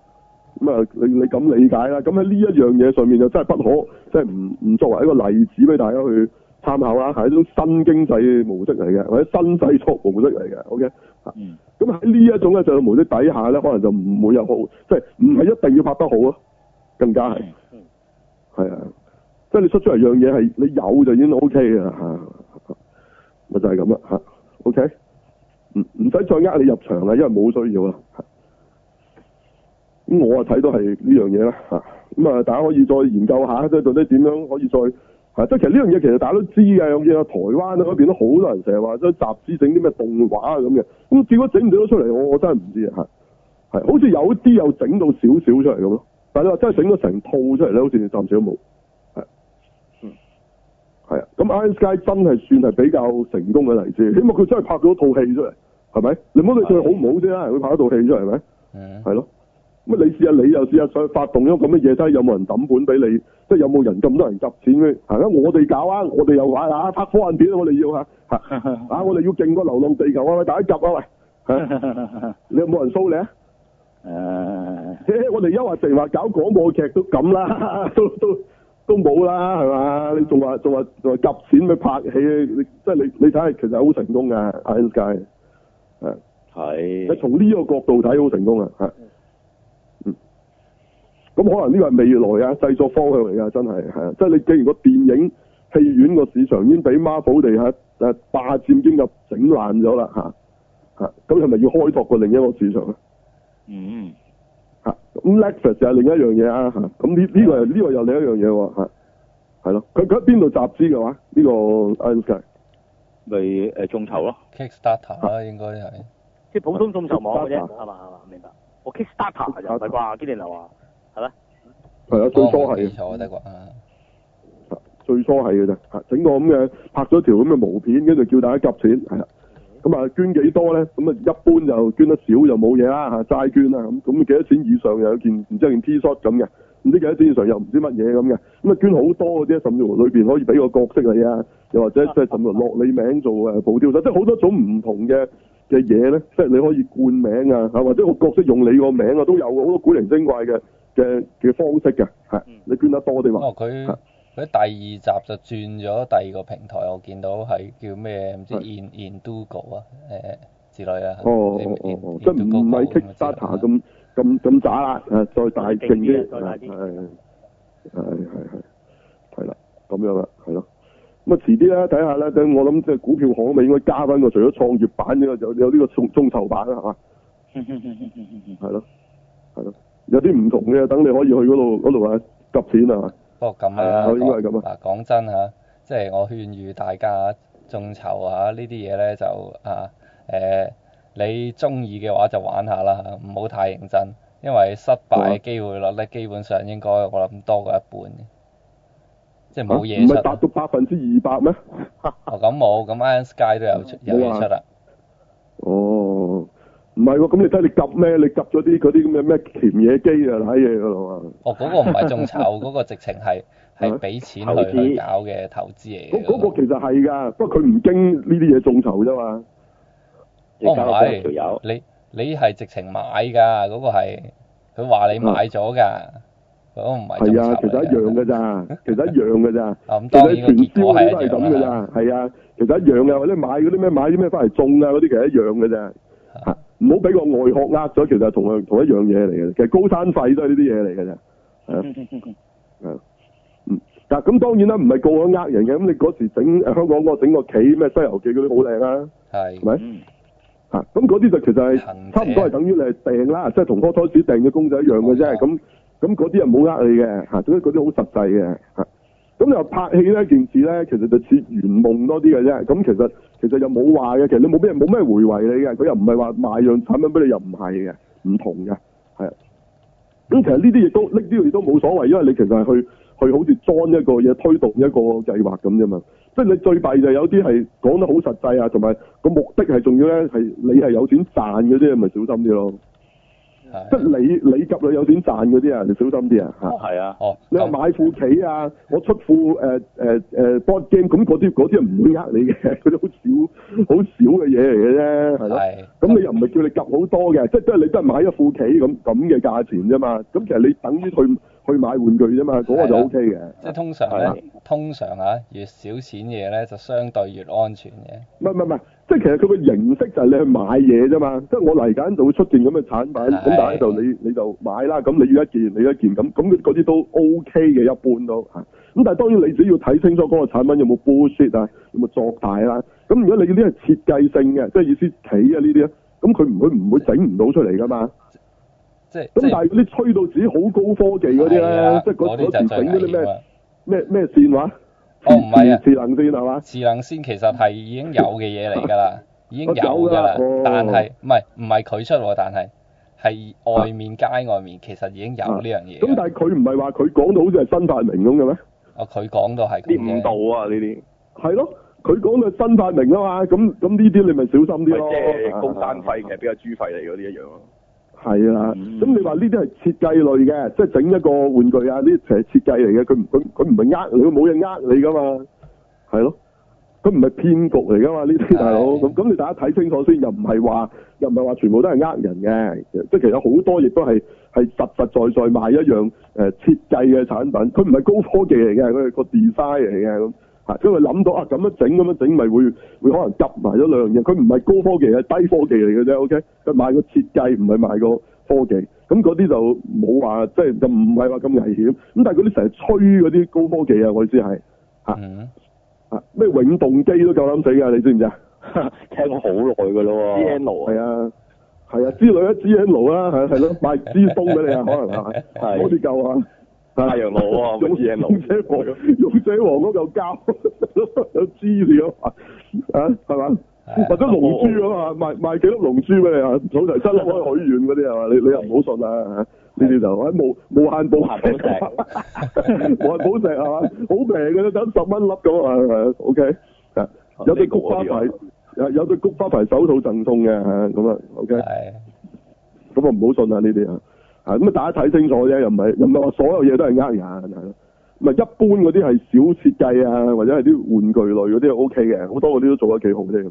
咁啊你你咁理解啦，咁喺呢一樣嘢上面就真係不可，即係唔唔作為一個例子俾大家去，參考啦，係一種新經濟模式嚟嘅，或者新製作模式嚟嘅。O K，咁喺呢一種嘅上模式底下咧，可能就唔會有好，即係唔係一定要拍得好囉，更加係，係、嗯嗯、啊，即、就、係、是、你出出嚟樣嘢係你有就已經 O K 噶吓，咪、啊、就係咁啦吓。O K，唔唔使再呃你入場啦，因為冇需要啦。咁、啊、我都啊睇到係呢樣嘢啦吓，咁啊大家可以再研究下，即、就、係、是、到底點樣可以再。係，即係其實呢樣嘢其實大家都知嘅。有見啊台灣啊嗰邊都好多人成日話將雜誌整啲咩動畫啊咁嘅，咁結果整唔整得出嚟，我我真係唔知啊，係係，好似有啲又整到少少出嚟咁咯，但係你話真係整咗成套出嚟咧，好似暫時都冇，係，係啊、嗯，咁 Iron Sky 真係算係比較成功嘅例子，起碼佢真係拍咗套戲出嚟，係咪？你唔好理佢好唔好啫？啦的，佢拍咗套戲出嚟，係咪？係的，係咯。乜你試下你又試下再去發動這樣東西，因咁嘅嘢睇下有冇人抌本俾你？即係有冇人咁多人夾錢啊，我哋搞啊，我哋又玩啊，拍科幻片我哋要、啊啊 啊，我哋要啊我哋要勁過流浪地球啊，喂大家夾啊，喂、啊， 你有冇人 show 你啊？誒、uh,，我哋一話成話搞廣播劇都咁啦，都都都冇啦，係嘛？你仲話仲話仲話夾錢去拍戲？你即係你你睇，其實好成功噶，Iron Sky，係，係從呢個角度睇，好成功啊，吓是。啊咁可能呢個係未來啊，製作方向嚟㗎，真係係啊！即係你既然個電影戲院個市場已經俾 Marvel 地下誒霸佔經，已經又整爛咗啦，嚇嚇咁係咪要開拓個另一個市場啊？嗯，嚇咁 Netflix 又係另一樣嘢啊！嚇咁呢呢個又呢、這個又另一樣嘢喎，係係咯。佢佢邊度集資嘅話？呢、這個 Iron Sky 咪誒眾籌咯，Kickstarter 啊，應該係、啊、即係普通眾籌網嘅啫，係嘛係嘛？明白？我 Kickstarter 就唔係啩？堅定話。係啦，係啊，最初係嘅，最初係嘅啫。整個咁嘅拍咗條咁嘅毛片，跟住叫大家夾錢，係啦。咁啊、嗯，捐幾多咧？咁啊，一般就捐得少就冇嘢啦，吓、啊、齋捐啦。咁咁幾多錢以上又有件，唔知有 T，後件 T-shirt 咁嘅。唔知幾多錢以上又唔知乜嘢咁嘅。咁啊捐好多嗰啲，甚至乎裏邊可以俾個角色你啊，又或者即係甚至落你名做誒布雕即係好多種唔同嘅嘅嘢咧。即係你可以冠名啊，或者個角色用你個名啊都有，好多古靈精怪嘅。嘅嘅方式嘅，係、嗯、你捐得多啲嘛？哦，佢佢第二集就轉咗第二個平台，我見到係叫咩？唔知 In InDigo 哈啊？誒之類啊？哦哦哦，即係唔唔係 Data 咁咁咁渣啦，誒再大勁啲，係係係係啦，咁樣啦，係咯。咁啊遲啲咧睇下啦，等我諗即係股票行咪應該加翻喎？除咗創業板呢、呢個有有呢個眾眾籌版係嘛？係咯係咯。 有啲唔同嘅，等你可以去嗰度嗰度啊，急錢的說啊！不過咁啊，應該係咁啊。啊，講真嚇，即係我勸喻大家嚇，眾籌呢啲嘢咧就啊、欸、你中意嘅話就玩下啦，唔好太認真，因為失敗嘅機會率咧基本上應該我諗多過一半嘅，即係冇嘢出。唔係、啊、達到百分之二百咩？哦，咁冇，咁 Iron Sky 都有出，有嘢出啦。哦。唔係喎，咁你睇你 𥨊 咩？你 𥨊 咗啲嗰啲咁嘅咩甜嘢機啊，睇嘢㗎嘛。哦，嗰個唔係眾籌，嗰個直情係係俾錢去搞嘅投資嚟。嗰嗰個其實係㗎，不過佢唔經呢啲嘢眾籌啫嘛。哦，唔係，你你係直情買㗎，嗰個係佢話你買咗㗎，嗰個唔係。係啊，其實一樣㗎咋，其實一樣㗎咋。啊，咁都係咁㗎咋。係啊，其實一樣㗎，或者買嗰啲咩買啲咩翻嚟種啊，嗰啲其實一樣㗎咋。啊。唔好俾個外殼呃咗，其實係同一同一樣嘢嚟嘅，其實高山費都係呢啲嘢嚟嘅啫，係嗯。嗱、嗯，咁、嗯嗯、當然啦，唔係個個呃人嘅。咁你嗰時整香港嗰個整個企咩西遊記嗰啲好靚啊，係咪、嗯？咁嗰啲就其實係差唔多係等於嚟訂啦，即係同初初時訂嘅公仔一樣嘅啫。咁咁嗰啲又冇呃你嘅嚇，嗰啲好實際嘅。咁又拍戲呢件事咧，其實就似圓夢多啲嘅啫。咁其實。其實又冇話嘅，其實你冇咩冇咩回回你嘅，佢又唔係話賣樣產品俾你，又唔係嘅，唔同嘅，係。咁其實呢啲亦都呢啲亦都冇所謂，因為你其實係去去好似裝一個嘢，推動一個計劃咁啫嘛。即係你最弊就有啲係講得好實際啊，同埋個目的係重要咧，係你係有錢賺嗰啲咪小心啲咯。即係你理及你有錢賺嗰啲啊，你小心啲啊吓，係啊、哦、你話買副棋啊，我出庫誒 board game，咁嗰啲嗰啲唔會呃你嘅，佢好少好少嘅嘢嚟嘅啫。係咯，咁的你又唔係叫你夾好多嘅，即係你都係買一副棋咁咁嘅價錢啫嘛。咁其實你等於佢去買玩具啫嘛，嗰個就 O K 嘅。即通常咧，的通常啊越少錢嘢咧，就相對越安全嘅。唔係唔係唔係，即係其實佢個形式就係你去買嘢啫嘛。即係我嚟緊就會出現咁嘅產品，咁的但係就你你就買啦。咁你要一件，你要一件咁，咁嗰啲都 O K 嘅，一般都咁，但係當然你只要睇清楚嗰個產品有冇 boost 啊，有冇作大啦、啊。咁如果你呢啲係設計性嘅，即係意思企啊呢啲啊，咁佢唔會唔會整唔到出嚟噶嘛。咁但係嗰啲吹到自己好高科技嗰啲咧，即係嗰啲時整嗰啲咩咩咩線話？哦，唔係啊，智能線係嘛？智能線其實係已經有嘅嘢嚟㗎啦，已經有㗎啦，但係唔係唔係佢出喎，但係係外面街外面其實已經有呢樣嘢。咁但係佢唔係話佢講到好似係新發明咁嘅咩？哦，佢講到係。掂到啊呢啲。係咯，佢講到新發明啊嘛，咁咁呢啲你咪小心啲，即係高山廢嘅比較豬廢嚟嗰啲一樣。係啊，咁你話呢啲係設計類嘅，即係整一個玩具啊，呢啲其實設計嚟嘅，佢唔佢佢唔係呃你，冇人呃你噶嘛，係咯，佢唔係騙局嚟噶嘛，呢啲的大佬，咁咁你大家睇清楚先，又唔係話又唔係話全部都係呃人嘅，即係其實好多亦都係係實實在在賣一樣、呃、設計嘅產品，佢唔係高科技嚟嘅，佢係個 design 嚟嘅咁。吓，因為諗到啊，咁樣整，咁樣整，咪會會可能夾埋咗兩樣嘢。佢唔係高科技係低科技嚟嘅啫。O K，佢買個設計，唔係買個科技。咁嗰啲就冇話即係，就唔係話咁危險。咁但係嗰啲成日吹嗰啲高科技知啊，我意思係嚇咩永動機都夠膽死嘅，你知唔知啊？聽咗好耐嘅喇喎，係啊，係啊，之類啦 g N L 啊，係係咯，買支風俾你啊，可能係，好似 是夠啊。太陽爐啊，好似係龍車王？勇者王，勇者王嗰嚿膠有資料啊，係嘛？或者龍珠啊嘛，賣賣幾粒龍珠俾你啊？集齊七粒開許願嗰啲係嘛？你你又唔好信啊！呢啲就冇無限寶石，無限寶石係嘛？好平嘅，啦，得十蚊粒咁啊，係 OK 有啲菊花牌，有有對菊花牌手套贈送嘅咁啊 OK，咁啊唔好信啊呢啲啊。咁啊！大家睇清楚啫，又唔係又唔係話所有嘢都係呃人咁，一般嗰啲係小設計啊，或者係啲玩具類嗰啲 OK 嘅，好多嗰啲都做得幾好啫。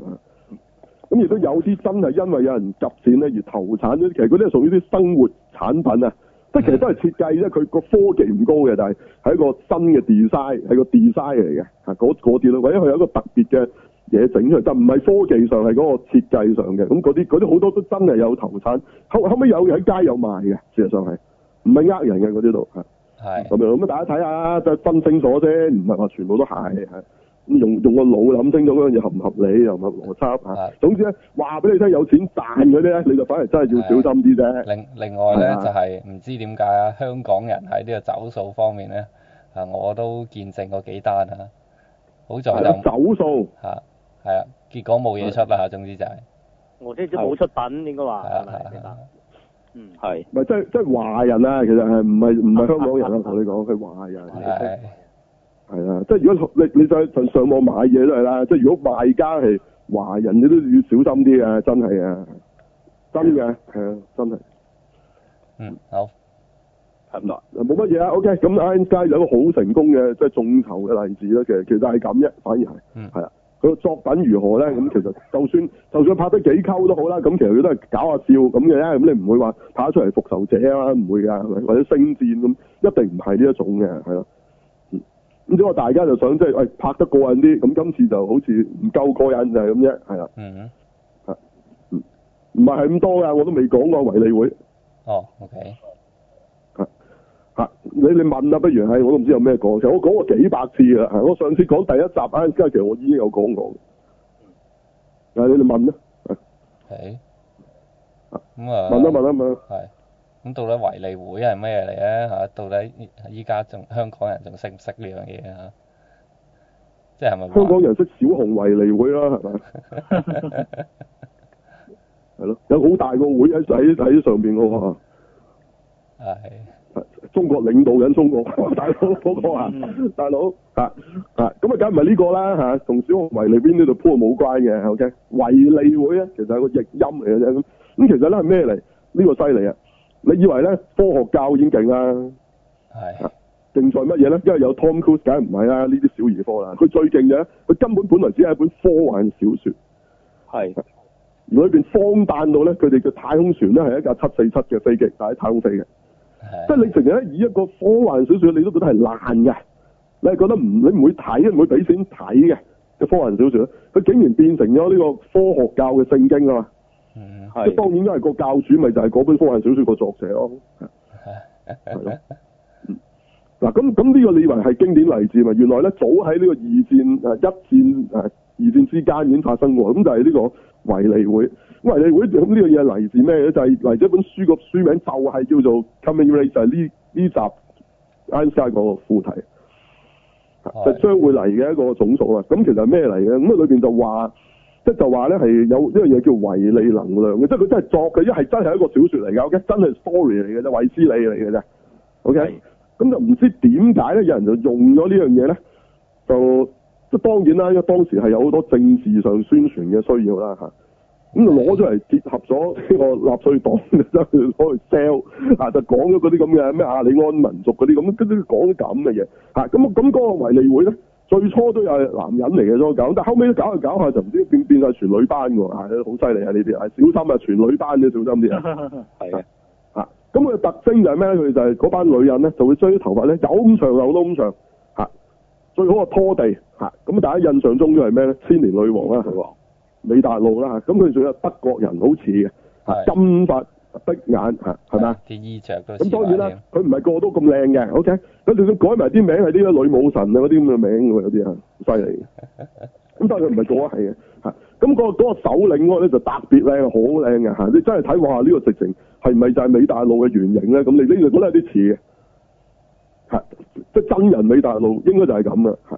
咁亦都有啲真係因為有人急錢咧，而投產啲。其實嗰啲係屬於啲生活產品啊，即係 其實都係設計啫。佢個科技唔高嘅，但係係一個新嘅 design，係個 design 嚟嘅嚇。嗰嗰啲咯，或者佢有一個特別嘅。嘢整出嚟就唔係科技上，係嗰個設計上嘅。咁嗰啲嗰啲好多都真係有頭產，後後尾有喺街有賣嘅，事實上係唔係呃人嘅嗰啲度，係咁樣咁大家睇下就係、分清楚先，唔係話全部都係咁，用用個腦諗清楚嗰樣嘢合唔合理又唔合唔合邏輯嚇。啊、總之咧，話俾你聽有錢賺嗰啲咧，你就反而真係要小心啲啫、啊。另另外咧、啊、就係唔知點解香港人喺呢個走數方面咧，啊我都見證過幾單啊，好在就走數係啊，結果冇嘢出噶，總之就係。我先知冇出品應該話。係係嗯，係。咪即係即係華人啊，其實係唔係唔係香港人啊，同你講，佢華人。係。係啊，即係如果你你想上網買嘢都係啦，即係如果賣家係華人，你都要小心啲啊，真係啊。真嘅，係啊，真係。嗯，好。合唔冇乜嘢啊。OK，咁 Iron Sky 有個好成功嘅即係眾籌嘅例子咧，其實其實係咁啫，反而係。嗯。係佢作品如何咧？咁其實就算就算拍得幾溝都好啦，咁其實佢都係搞下笑咁嘅咧。咁你唔會話拍出嚟復仇者啊？唔會㗎，係咪？或者星戰咁，一定唔係呢一種嘅，係咯。咁即係大家就想即係，喂、哎，拍得過癮啲。咁今次就好似唔夠過癮就係咁啫，係啦。Mm hmm. 嗯。係。嗯，唔係係咁多㗎，我都未講過維利會。哦、oh，OK。你你問啦，不如，唉，我都唔知有咩講，其實我講過幾百次啦。我上次講第一集啊，嗰陣時其實我已經有講過。嗯。你哋問啦吧。係。啊，咁啊。問啦問啦問啦。係。咁到底維利會係咩嚟咧？吓，到底依家仲香港人仲識唔識呢樣嘢啊？即係咪？香港人，還懂懂香港人識小紅維利會啦，係咪？係咯， 有好大個會喺喺上邊噶係。係中國領導人，中國 大佬嗰，那個啊，大佬啊 啊，咁啊，梗唔係呢個啦吓，同小熊維尼邊呢度鋪冇關嘅，O K，維利會啊，係 OK? 會其實係個譯音嚟嘅啫。咁咁其實咧係咩嚟？呢、這個犀利啊！你以為咧，科學教學已經勁啦，係競賽乜嘢咧？因為有 Tom Cruise，梗唔係啦，呢啲小兒科啦。佢最勁嘅，佢根本本來只係一本科幻小說，係是的、啊，而裏邊荒誕到咧，佢哋嘅太空船咧係一架七四七嘅飛機，但係太空飛嘅。即係你成日以一個科幻小說，你都覺得係爛嘅，你係覺得唔你唔會睇啊，唔會俾錢睇嘅科幻小說，佢竟然變成咗呢個科學教嘅聖經啊嘛，嗯、係即係當然都係個教主，咪就係嗰本科幻小說個作者咯。係嗱，咁咁呢個你以為係經典例子嘛？原來咧早喺呢個二戰誒一戰誒二戰之間已經發生過，咁就係呢、呢個。維利會，我維利會咁呢樣嘢嚟自咩咧？就係嚟咗一本書個書名，就係叫做《Coming Race》，就係呢呢集 Iron Sky 嗰個副題，的就將會嚟嘅一個總數啦。咁其實係咩嚟嘅？咁啊裏邊就話，即係就話咧係有呢樣嘢叫維利能量嘅，即係佢真係作嘅，一係真係一個小說嚟噶，一真係 story 嚟嘅啫，維斯理嚟嘅啫。O K，咁就唔知點解咧，有人就用咗呢樣嘢咧，就。即當然啦，因為當時係有好多政治上宣傳嘅需要啦嚇，咁就攞出嚟結合咗呢個納粹黨攞去 sell 嚇，就講咗嗰啲咁嘅咩亞利安民族嗰啲咁，講啲咁嘅嘢嚇，咁咁嗰個維利會咧，最初都有男人嚟嘅，都搞，但後尾都搞下搞下就唔知變變曬全女班喎，係好犀利啊呢啲啊，小心啊全女班嘅小心啲的啊，係啊，咁佢嘅特徵就係咩佢就係、是、嗰班女人咧就會將啲頭髮咧有咁長，有到咁長。最好個拖地嚇，咁大家印象中都係咩咧？千年女王啦，女王美大陸啦嚇，咁佢仲有德國人好似嘅，的金髮碧眼嚇，係咪？啲、啊、衣著咁當然啦，佢唔係個個都咁靚嘅，OK，咁就算改埋啲名係啲女武神啊嗰啲咁嘅名喎，有啲啊，犀利嘅。咁 但係佢唔係做一係嘅嚇，咁個嗰個首領咧就特別靚，好靚嘅嚇，你真係睇哇呢、呢個直情係唔係就係美大陸嘅原型咧？咁你呢、呢個覺得有啲似嘅。即係真人美大路應該就係咁啦，係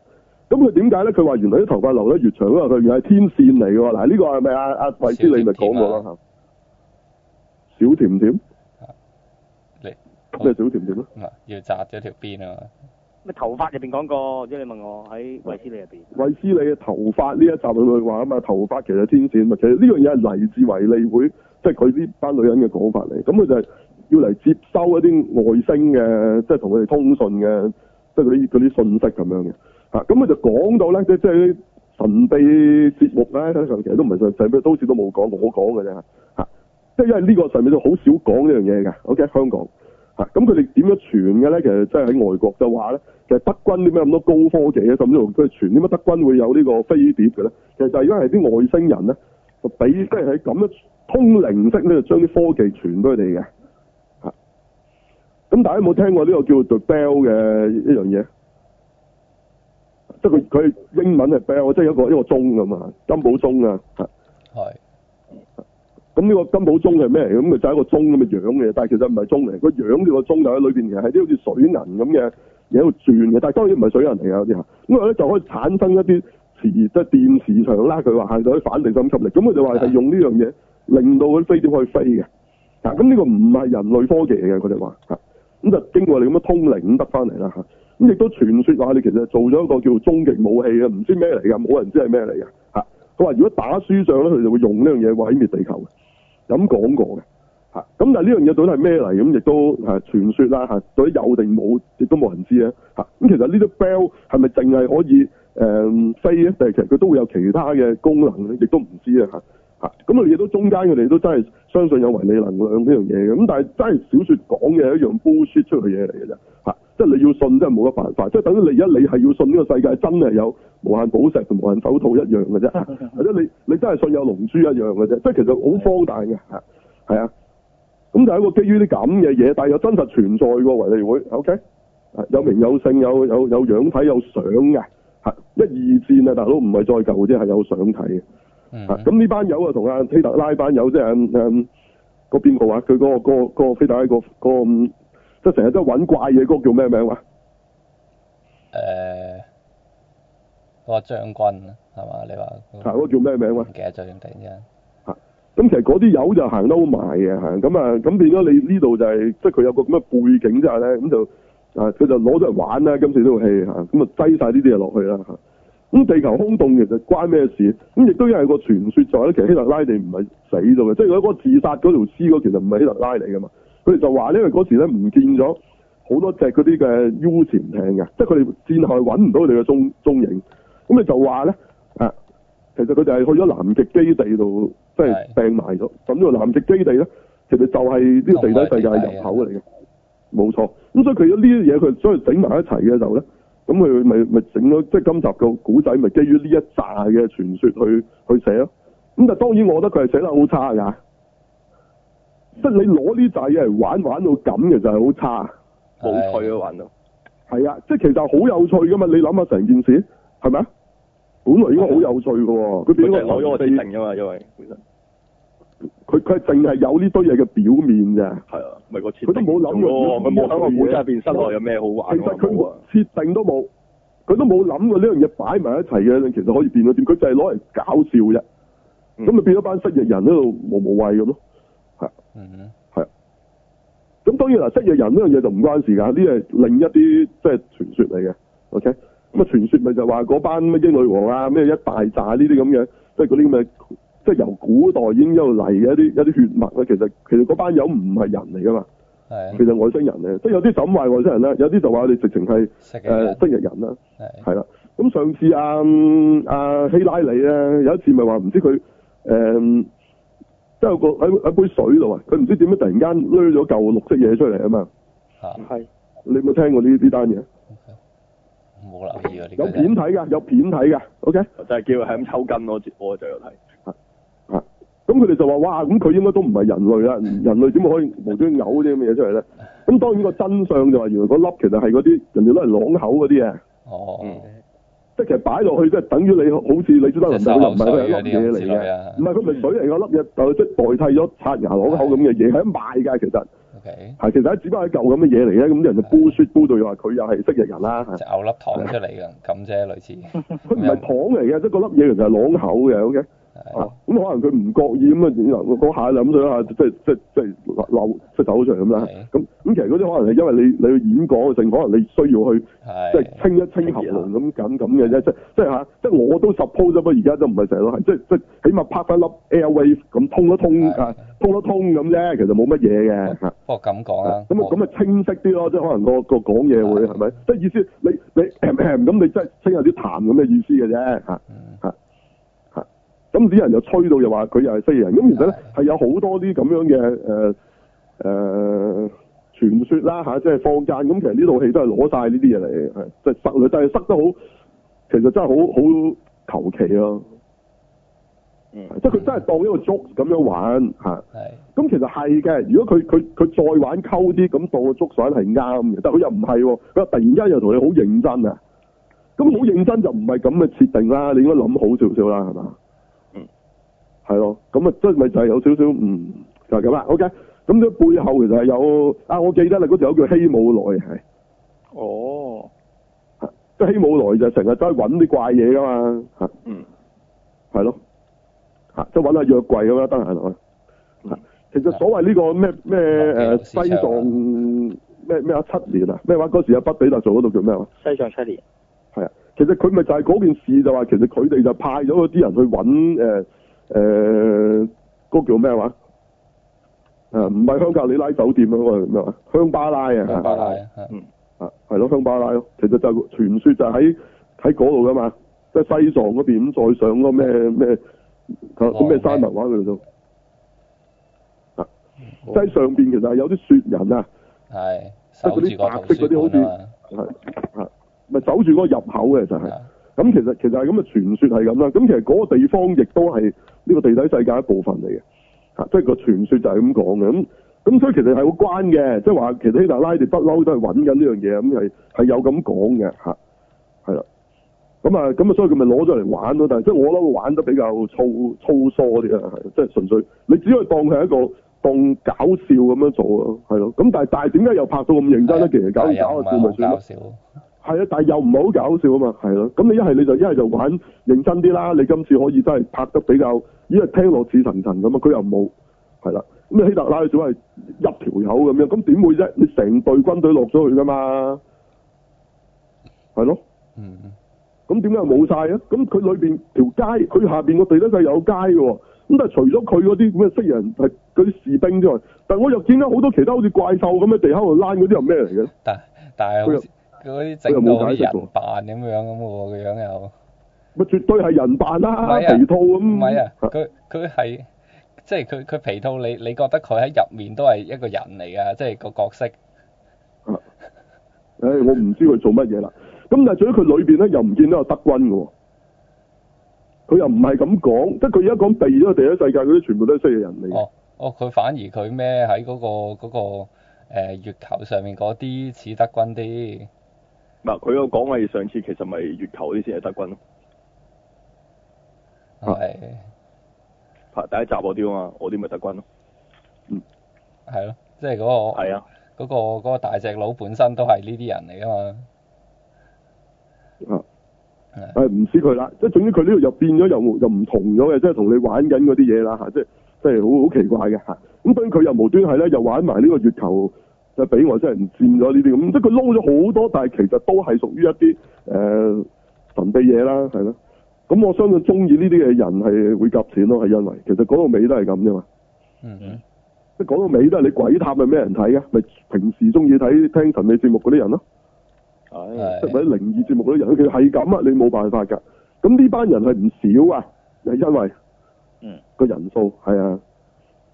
咁佢點解咧？佢話原來啲頭髮留得越長，佢話佢原係天線嚟嘅喎。嗱呢個係咪阿阿維斯利咪講過啦？小甜甜，即咩、啊、小甜甜咧？唔係要紮咗條辮啊！頭髮入邊講過，即係你問我喺維斯利入邊。維斯利嘅頭髮呢一集佢話啊嘛，頭髮其實天線，其實呢樣嘢係嚟自維利會，即係佢呢班女人嘅講法嚟。咁佢就係、是。要嚟接收一啲外星嘅，即係同佢哋通訊嘅，即係嗰啲啲信息咁樣嘅嚇。咁、啊、佢就講到咧，即係即係啲神秘節目咧，通其實都唔係神神秘，都好似都冇講我講嘅啫嚇嚇。即、啊、係因為呢個上面都好少講呢樣嘢嘅。OK，香港嚇，咁佢哋點樣傳嘅咧？其實即係喺外國就話咧，其實德軍點解咁多高科技嘅，甚至乎佢傳點解德軍會有呢個飛碟嘅咧？其實就係因為啲外星人咧，就俾即係喺咁樣通靈式咧，就將啲科技傳俾佢哋嘅。咁大家有冇聽過呢個叫做、The、bell 嘅一樣嘢？即係佢佢英文係 bell，即係一個一個鐘咁啊，金寶鐘啊，係。咁呢個金寶鐘係咩？咁咪就係一個鐘咁嘅樣嘅，但係其實唔係鐘嚟，個樣呢個鐘，就喺裏邊其實係啲好似水銀咁嘅嘢喺度轉嘅，但係當然唔係水銀嚟噶啲吓。咁佢咧就可以產生一啲磁，即係電磁場啦佢話，就可以反地心吸力。咁佢就話係用呢樣嘢令到佢飛碟可以飛嘅。嗱、嗯，咁、這、呢個唔係人類科技嚟嘅，佢哋話吓。咁就經過你咁樣通靈咁得翻嚟啦，嚇，咁亦都傳説話你其實做咗一個叫做終極武器啊，唔知咩嚟㗎，冇人知係咩嚟㗎。嚇，佢話如果打輸上，咧，佢就會用呢樣嘢毀滅地球，咁講過嘅嚇。咁、啊、但呢樣嘢到底係咩嚟？咁亦都係傳説啦嚇。到底有定冇？亦都冇人知啊。咁、啊、其實呢啲 bell 係咪淨係可以誒、呃、飛咧？定係其實佢都會有其他嘅功能咧？亦都唔知啊嚇咁佢哋都中間，佢哋都真係相信有維利能量呢樣嘢嘅。咁但係真係小説講嘅係一樣 bullshit 出去嘢嚟嘅啫。嚇，即係你要信，真係冇得辦法。即係等於你而家你係要信呢個世界真係有無限寶石同無限手套一樣嘅啫，或者 Okay. 你你真係信有龍珠一樣嘅啫。即係其實好荒誕嘅。嚇，係啊。咁就係一個基於啲咁嘅嘢，但係有真實存在過維利會。OK，有名有姓，有有有樣睇有相嘅。一二戰，啊，大佬唔係再舊啫，係有相睇嘅。咁呢班友啊，同阿希特拉班友，即係嗯嗯，嗰邊、嗰個話佢嗰個嗰、嗰個嗰、嗰個希特拉嗰個、嗰個嗰個嗰個嗯、即係成日都揾怪嘢嗰、呃啊嗰個叫咩名話？誒，嗰個將軍係嘛？你話嗱嗰個叫咩名話？唔記得咗，突然之咁其實嗰啲友就行得好埋嘅嚇。咁啊咁變咗你呢度就係、是、即係佢有個咁嘅背景之下咧，咁就啊佢就攞咗嚟玩啦。今次呢套戲嚇，咁啊擠晒呢啲嘢落去啦嚇。啊咁地球空洞其實關咩事？咁亦都因為個傳説在咧，其實希特拉地唔係死咗嘅，即係佢嗰個自殺嗰條屍嗰，其實唔係希特拉嚟噶嘛。佢哋就話咧，因為嗰時咧唔見咗好多隻嗰啲嘅 U 潛艇嘅，即係佢哋戰後搵唔到佢哋嘅蹤蹤影。咁你就話咧，啊，其實佢就係去咗南極基地度，即係病埋咗。咁呢個南極基地咧，其實就係呢個地底世界入口嚟嘅，冇錯。咁所以佢咗呢啲嘢，佢所以整埋一齊嘅時候咧。咁佢咪咪整咗即係今集個古仔，咪基於呢一紮嘅傳說去去寫咯。咁但當當然，我覺得佢係寫得好差㗎。即係你攞呢扎嘢嚟玩，玩到咁嘅就係好差，冇趣咯玩到。係啊，即係其實好有趣噶嘛！你諗下成件事係咪啊？本來應該好有趣㗎喎，佢俾的我攞咗我哋定㗎嘛，因為佢佢淨係有呢堆嘢嘅表面嘅，係啊，咪個設定佢都冇諗咯，佢冇諗我本身入邊身內有咩好玩。其實佢設定都冇，佢都冇諗過呢樣嘢擺埋一齊嘅，你其實可以變到點。佢就係攞嚟搞笑啫。咁咪、嗯、變咗班失業人喺度無無謂咁咯。係、啊，係咁的、啊、當然啦，失業人呢樣嘢就唔關事噶，呢係另一啲即係傳說嚟嘅。O K，咁啊傳說咪就話嗰班咩英女王啊，咩一大扎呢啲咁樣，即係嗰啲咁嘅。即係由古代已經一路嚟嘅一啲一啲血脈咧，其實其實嗰班友唔係人嚟噶嘛。係的。其實外星人咧，即係有啲就咁話外星人啦，有啲就話佢哋直情係誒蜥蜴人啦。係、呃。啦。咁的上次阿阿、嗯啊、希拉里咧，有一次咪話唔知佢誒，即、嗯、係個喺喺杯水度啊，佢唔知點樣突然間攞咗嚿綠色嘢出嚟啊嘛。嚇、啊。你有冇聽過呢呢單嘢？冇、okay. 留意、啊、有片睇㗎，有片睇㗎。O K。就係叫佢係咁抽筋咯，我我就有睇。咁佢哋就話哇，咁佢應該都唔係人類啦，人類點會可以無端端嘔啲咁嘅嘢出嚟咧？咁當然個真相就話，原來個粒其實係嗰啲人哋攞嚟朗口嗰啲啊。哦，即係其實擺落去，即係等於你好似你隻丹爐，唔係佢係粒嘢嚟嘅，唔係佢咪水嚟噶，粒嘢就即係代替咗刷牙朗口咁嘅嘢，喺賣噶其實。係其實只不過係一嚿咁嘅嘢嚟咧，咁啲人就煲雪煲到又話佢又係蜥蜴人啦。隻牛粒糖出嚟噶，咁啫類似。佢唔係糖嚟嘅，即係粒嘢其實係朗口樣嘅。啊，咁、嗯、可能佢唔覺意咁啊，然後就咁樣下，即係即係即係流即係走出嚟咁啦。咁咁的、嗯、其實嗰啲可能係因為你你去演講嘅時候，可能你需要去即係的清一清喉嚨咁緊咁嘅啫。即即係嚇，即係我都 suppose 啫噃。而家都唔係成日都係即即，起碼拍翻粒 airwave 咁通一通的啊，通一通咁啫。其實冇乜嘢嘅。不過咁講啊，咁啊咁啊我清晰啲咯。即係可能、嗰個、嗰個講嘢會係咪？即係的的意思你你咁、嗯嗯、你即係清下啲痰咁嘅意思嘅啫。嚇、啊、嚇。嗯咁啲人就吹到又話佢又係西人，咁其實咧係有好多啲咁樣嘅誒誒傳説啦、啊、即係坊間咁、啊。其實呢套戲都係攞晒呢啲嘢嚟，係即係塞，但係塞得好，其實真係好好求其咯。啊嗯、的即係佢真係當一個粥咁樣玩嚇。咁的、啊、其實係嘅。如果佢佢佢再玩溝啲，咁當個粥水係啱嘅。但佢又唔係佢話，突然間又同你好認真啊！咁好認真就唔係咁嘅設定啦、啊。你應該諗好少少啦，係嘛？係咯，咁啊，即係咪就係有少少唔就係咁啦。OK，咁佢背後其實係有啊，我記得啦，條友叫希姆萊係。哦，即希姆萊就成日都係揾啲怪嘢噶嘛，吓，嗯，係咯，吓、就是，即係揾下約櫃咁樣得閒咯。吓、嗯，是其實所謂呢、這個咩咩誒西藏咩咩啊七年啊咩話，嗰時阿畢彼特做嗰度叫咩話？西藏七年。係啊，其實佢咪就係嗰件事就話，其實佢哋就派咗嗰啲人去揾誒。呃誒，嗰、呃那個叫咩話？誒、啊，唔係香格里拉酒店啊，嗰個叫咩話？香巴拉啊，香巴拉，嗯的，啊的，係咯，香巴拉咯，的其實就傳說就喺喺嗰度噶嘛，即、就、係、是、西藏嗰邊再上嗰咩咩，個咩山脈話佢度都，啊，即、就、係、是、上邊其實有啲雪人啊，係的，即係嗰啲白色嗰啲好似，係話，啊，咪、就是、守住嗰個入口嘅就係、是，咁的其實其實係咁嘅傳說係咁啦，咁其實嗰個地方亦都係。呢個地底世界一部分嚟嘅，嚇、啊，即、就、係、是、個傳説就係咁講嘅，咁咁所以其實係好關嘅，即係話其實希特拉呢啲不嬲都係揾緊呢樣嘢，咁係係有咁講嘅，嚇、啊，係啦，咁啊咁啊，所以佢咪攞咗嚟玩咯，但係即係我嬲玩得比較粗粗疏啲啊，即係純粹你只可以當佢係一個當搞笑咁樣做啊，係咯，咁但係但係點解又拍到咁認真咧？其實搞搞笑咪算咯，係 啊，但係又唔係好搞笑啊嘛，係咯，咁你一係你就一係就玩認真啲啦，你今次可以真係拍得比較。因為聽落似層層咁啊，佢又冇，係啦。咁希特拉佢仲係入條口咁樣，咁點會啫？你成隊軍隊落咗去噶嘛，係咯。嗯。咁點解又冇晒啊？咁佢裏邊條街，佢下邊個地都細有街嘅。咁但係除咗佢嗰啲咩識人係嗰啲士兵之外，但係我又見到好多其他好似怪獸咁嘅地坑度拉嗰啲係咩嚟嘅？但但係似佢嗰啲整到好似人扮咁樣咁嘅樣又。咪絕對係人扮啦、啊啊、皮套咁，唔係啊！佢佢係即係佢佢皮套你，你你覺得佢喺入面都係一個人嚟啊！即係個角色啊、哎！我唔知佢做乜嘢啦。咁但係最屘佢裏邊咧，又唔見到有德軍嘅喎。佢又唔係咁講，即係佢而家講第二個第一世界嗰啲，全部都係西洋人嚟哦哦，佢、哦、反而佢咩喺嗰個嗰、嗰個、月球上面嗰啲似德軍啲。嗱，佢又講話上次其實咪月球啲先係德軍咯。係拍第一集嗰啲啊嘛，我啲咪特軍咯。嗯。係咯，即係嗰個。係啊的。嗰、嗰個、嗰個大隻佬本身都係呢啲人嚟啊嘛。啊。誒的，唔知佢啦，即係總之佢呢度又變咗，又又唔同咗嘅，即係同你玩緊嗰啲嘢啦吓，即係即係好好奇怪嘅吓。咁跟住佢又無端係咧，又玩埋呢個月球，就俾外星人佔咗呢啲咁，即係佢撈咗好多，但係其實都係屬於一啲誒、呃、神秘嘢啦，係咯。咁我相信中意呢啲嘅人係會夾錢咯，係因為其實講到尾都係咁啫嘛。嗯、mm，即係講到尾都係你鬼探係咩人睇嘅？咪平時中意睇聽神秘節目嗰啲人咯。係的，即係啲靈異節目嗰啲人，佢係咁啊！你冇辦法㗎。咁呢班人係唔少啊，係因為，個人數係啊，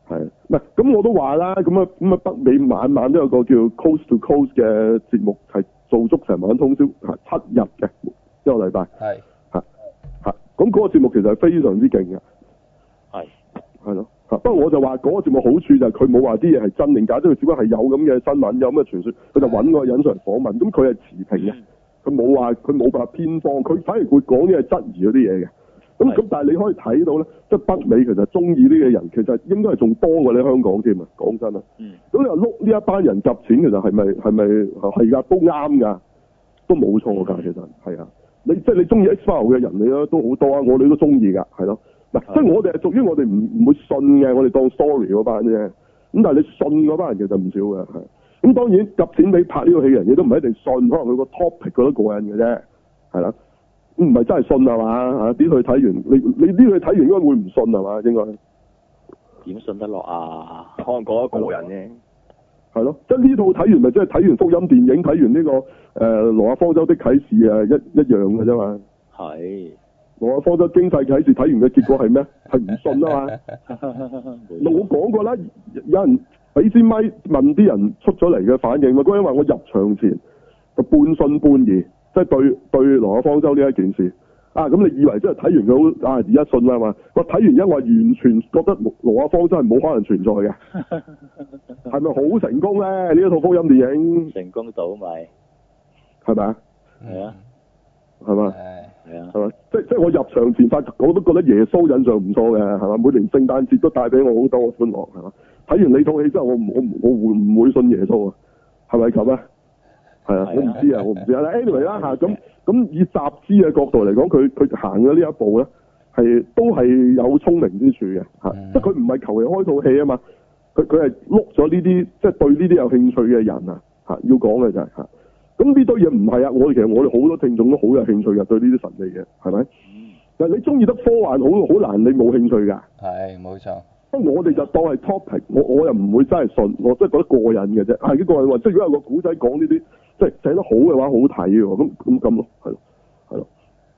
係、mm。唔、hmm。咁我都話啦，咁啊咁啊北美晚晚都有個叫 Close to Close 嘅節目，係做足成晚通宵，七日嘅一個禮拜。係。咁嗰個節目其實係非常之勁嘅，係係咯，嚇！不過我就話嗰個節目好處就係佢冇話啲嘢係真定假，即係只不過係有咁嘅新聞，有咁嘅傳說，佢就揾個人上嚟訪問，咁佢係持平嘅，佢冇話佢冇辦法偏方，佢反而會講啲係質疑嗰啲嘢嘅。咁咁，的但係你可以睇到咧，即係北美其實中意呢個人，其實應該係仲多過你香港添。講真啊，咁、嗯、你話碌呢一班人集錢，其實係咪係咪係啊？都啱㗎，都冇錯㗎，其實係啊。你即係你中意 X f 嘅人，你都都好多啊！我哋都中意噶，係咯。是的 即係我哋係屬於我哋唔唔會信嘅，我哋當 story 嗰班啫。咁但係你信嗰班人其實唔少嘅，係。咁當然夾錢俾拍呢個戲人，亦都唔一定信，可能佢個 topic 覺得過癮嘅啫，係啦。唔係真係信係嘛？嚇！畀佢睇完，你你呢佢睇完應該會唔信係嘛？應該點信得落啊？可能嗰個人啫。係咯，即係呢套睇完咪即係睇完福音電影，睇完呢，這個誒《羅、呃、亞方舟的啟示》啊，一一樣嘅啫嘛。係的《羅亞方舟經濟啟示》睇完嘅結果係咩？係唔信啊嘛。 我講過啦，有人俾支咪，咪問啲人出咗嚟嘅反應，因為我入場前就半信半疑，即係對對《羅亞方舟》呢一件事。啊！咁你以為真係睇完佢好啊？而家信啦嘛！我睇完之後，完全覺得挪亞方舟真係冇可能存在嘅，係咪好成功咧？呢一套福音電影成功到咪係咪啊？係吧啊，係嘛？係啊，係嘛？即即我入場前，發我都覺得耶穌印象唔錯嘅，係嘛？每年聖誕節都帶俾我好多歡樂，係嘛？睇完你套戲之後，我唔我唔我唔會信耶穌啊？係咪咁啊？係啊，我唔知啊，我唔知啊呵呵，但係啊。anyway 啦嚇，咁咁以集資嘅角度嚟講，佢佢行咗呢一步咧，係都係有聰明之處嘅嚇，即係佢唔係求其開套戲啊嘛。佢佢係碌咗呢啲，即係、就係、對呢啲有興趣嘅人啊嚇，要講嘅就係嚇。咁呢堆嘢唔係啊，我哋其實我哋好多聽眾都好有興趣嘅對呢啲神秘嘅係咪？是嗯、但係你中意得科幻好，好難你冇興趣㗎。係冇錯。不過我哋就當係 topic，我我又唔會真係信，我真係覺得過癮嘅啫。係呢個話，即係如果有個古仔講呢啲。即係寫得好嘅話好，好睇喎。咁咁咁咯，係咯，係咯。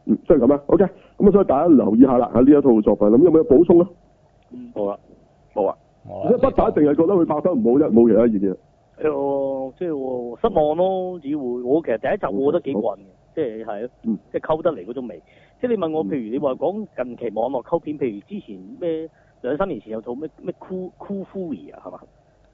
嗯，即係咁啊。OK。咁所以大家留意下啦。喺呢一套作品，咁有冇有補充咧？嗯，冇啦，冇啊。即係不一定係覺得佢拍得唔好啫，冇的其他意見。誒，即係失望咯，只會。我其實第一集我覺得幾羣嘅，即係係、嗯、即係溝得嚟嗰種味。即係你問我，譬如你話講近期網絡溝片，譬如之前咩兩三年前有套咩咩 Kung Fury 啊，係嘛？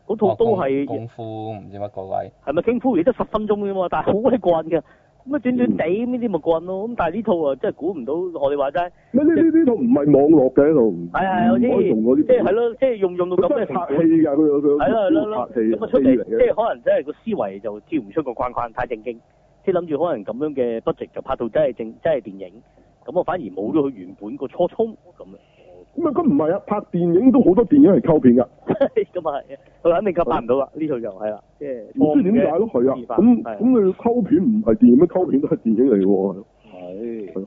嗰套都係功夫，唔知乜位係咪功夫嚟？得十分鐘啫嘛，但係好鬼棍嘅。咁啊，短短哋呢啲咪棍咯。咁但係呢套啊，真係估唔到。我哋話齋呢呢呢套唔係網絡嘅呢套。係係，我知。即係係咯，即係用用到咁嘅拍戲㗎，佢佢佢拍戲。係咯係咯。咁啊，即係即係可能真係個思維就跳唔出個框框，太正經。即係諗住可能咁樣嘅 budget 就拍到真係正真係電影。咁啊，反而冇咗佢原本個初衷咁啊。咁唔係啊，拍電影都好多電影係溝片㗎。咁啊係，佢 肯定及拍唔到啦，呢套就係啦，即係唔知點解咯，係啊，咁咁你溝片唔係電影咩？溝片都係電影嚟㗎喎，係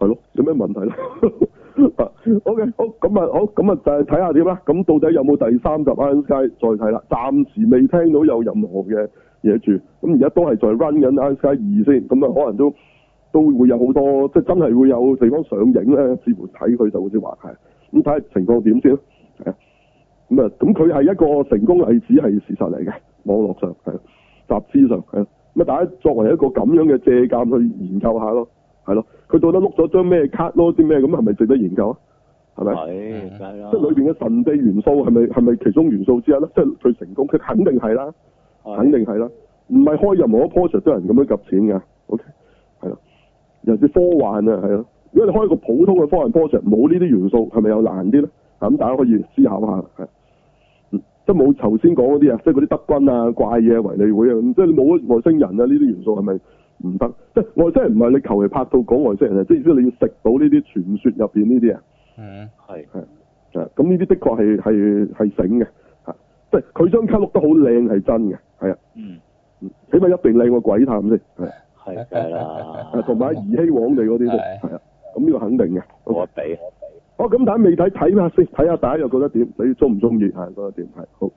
係咯，有咩問題咧？OK 好，咁啊好，咁啊就係睇下點啦。咁到底有冇第三集《Iron Sky》再睇啦？暫時未聽到有任何嘅嘢住，咁而家都係再 run 緊《Iron Sky》二先，咁啊可能都都會有好多，即係真係會有地方上映咧。似乎睇佢就好似話係，咁睇下情況點先。咁啊，咁佢係一個成功例子，係事實嚟嘅。網絡上係，集資上係，咁啊，大家作為一個咁樣嘅借鑒去研究下咯，係咯。佢到底碌咗張咩卡咯，啲咩咁，係咪值得研究啊？係咪？係，即係裏邊嘅神秘元素是是，係咪係咪其中元素之一咧？即係最成功，佢肯定係啦，的肯定係啦。唔係開任何一 project 都係人咁樣夾錢噶，OK，係啦。尤其係科幻啊，係咯。如果你開一個普通嘅科幻 project，冇呢啲元素，係咪又難啲咧？咁大家可以思考下，嗯，即係冇頭先講嗰啲啊，即係嗰啲德軍啊、怪嘢、啊、唯利會啊，即係你冇外星人啊呢啲元素係咪唔得？即係外星人唔係你求其拍到講外星人啊，是不是不，即係你，你要食到呢啲傳說入邊呢啲啊。係係咁呢啲的確係係係醒嘅，吓的，即係佢張卡碌得好靚係真嘅，係啊，嗯起碼一定靚過鬼探先，係係啦，同埋二希皇帝嗰啲都係啊，咁呢個肯定嘅，我，被我哋哦，咁睇未睇睇下先，睇下大家又覺得點？你中唔中意啊？覺得點？係好。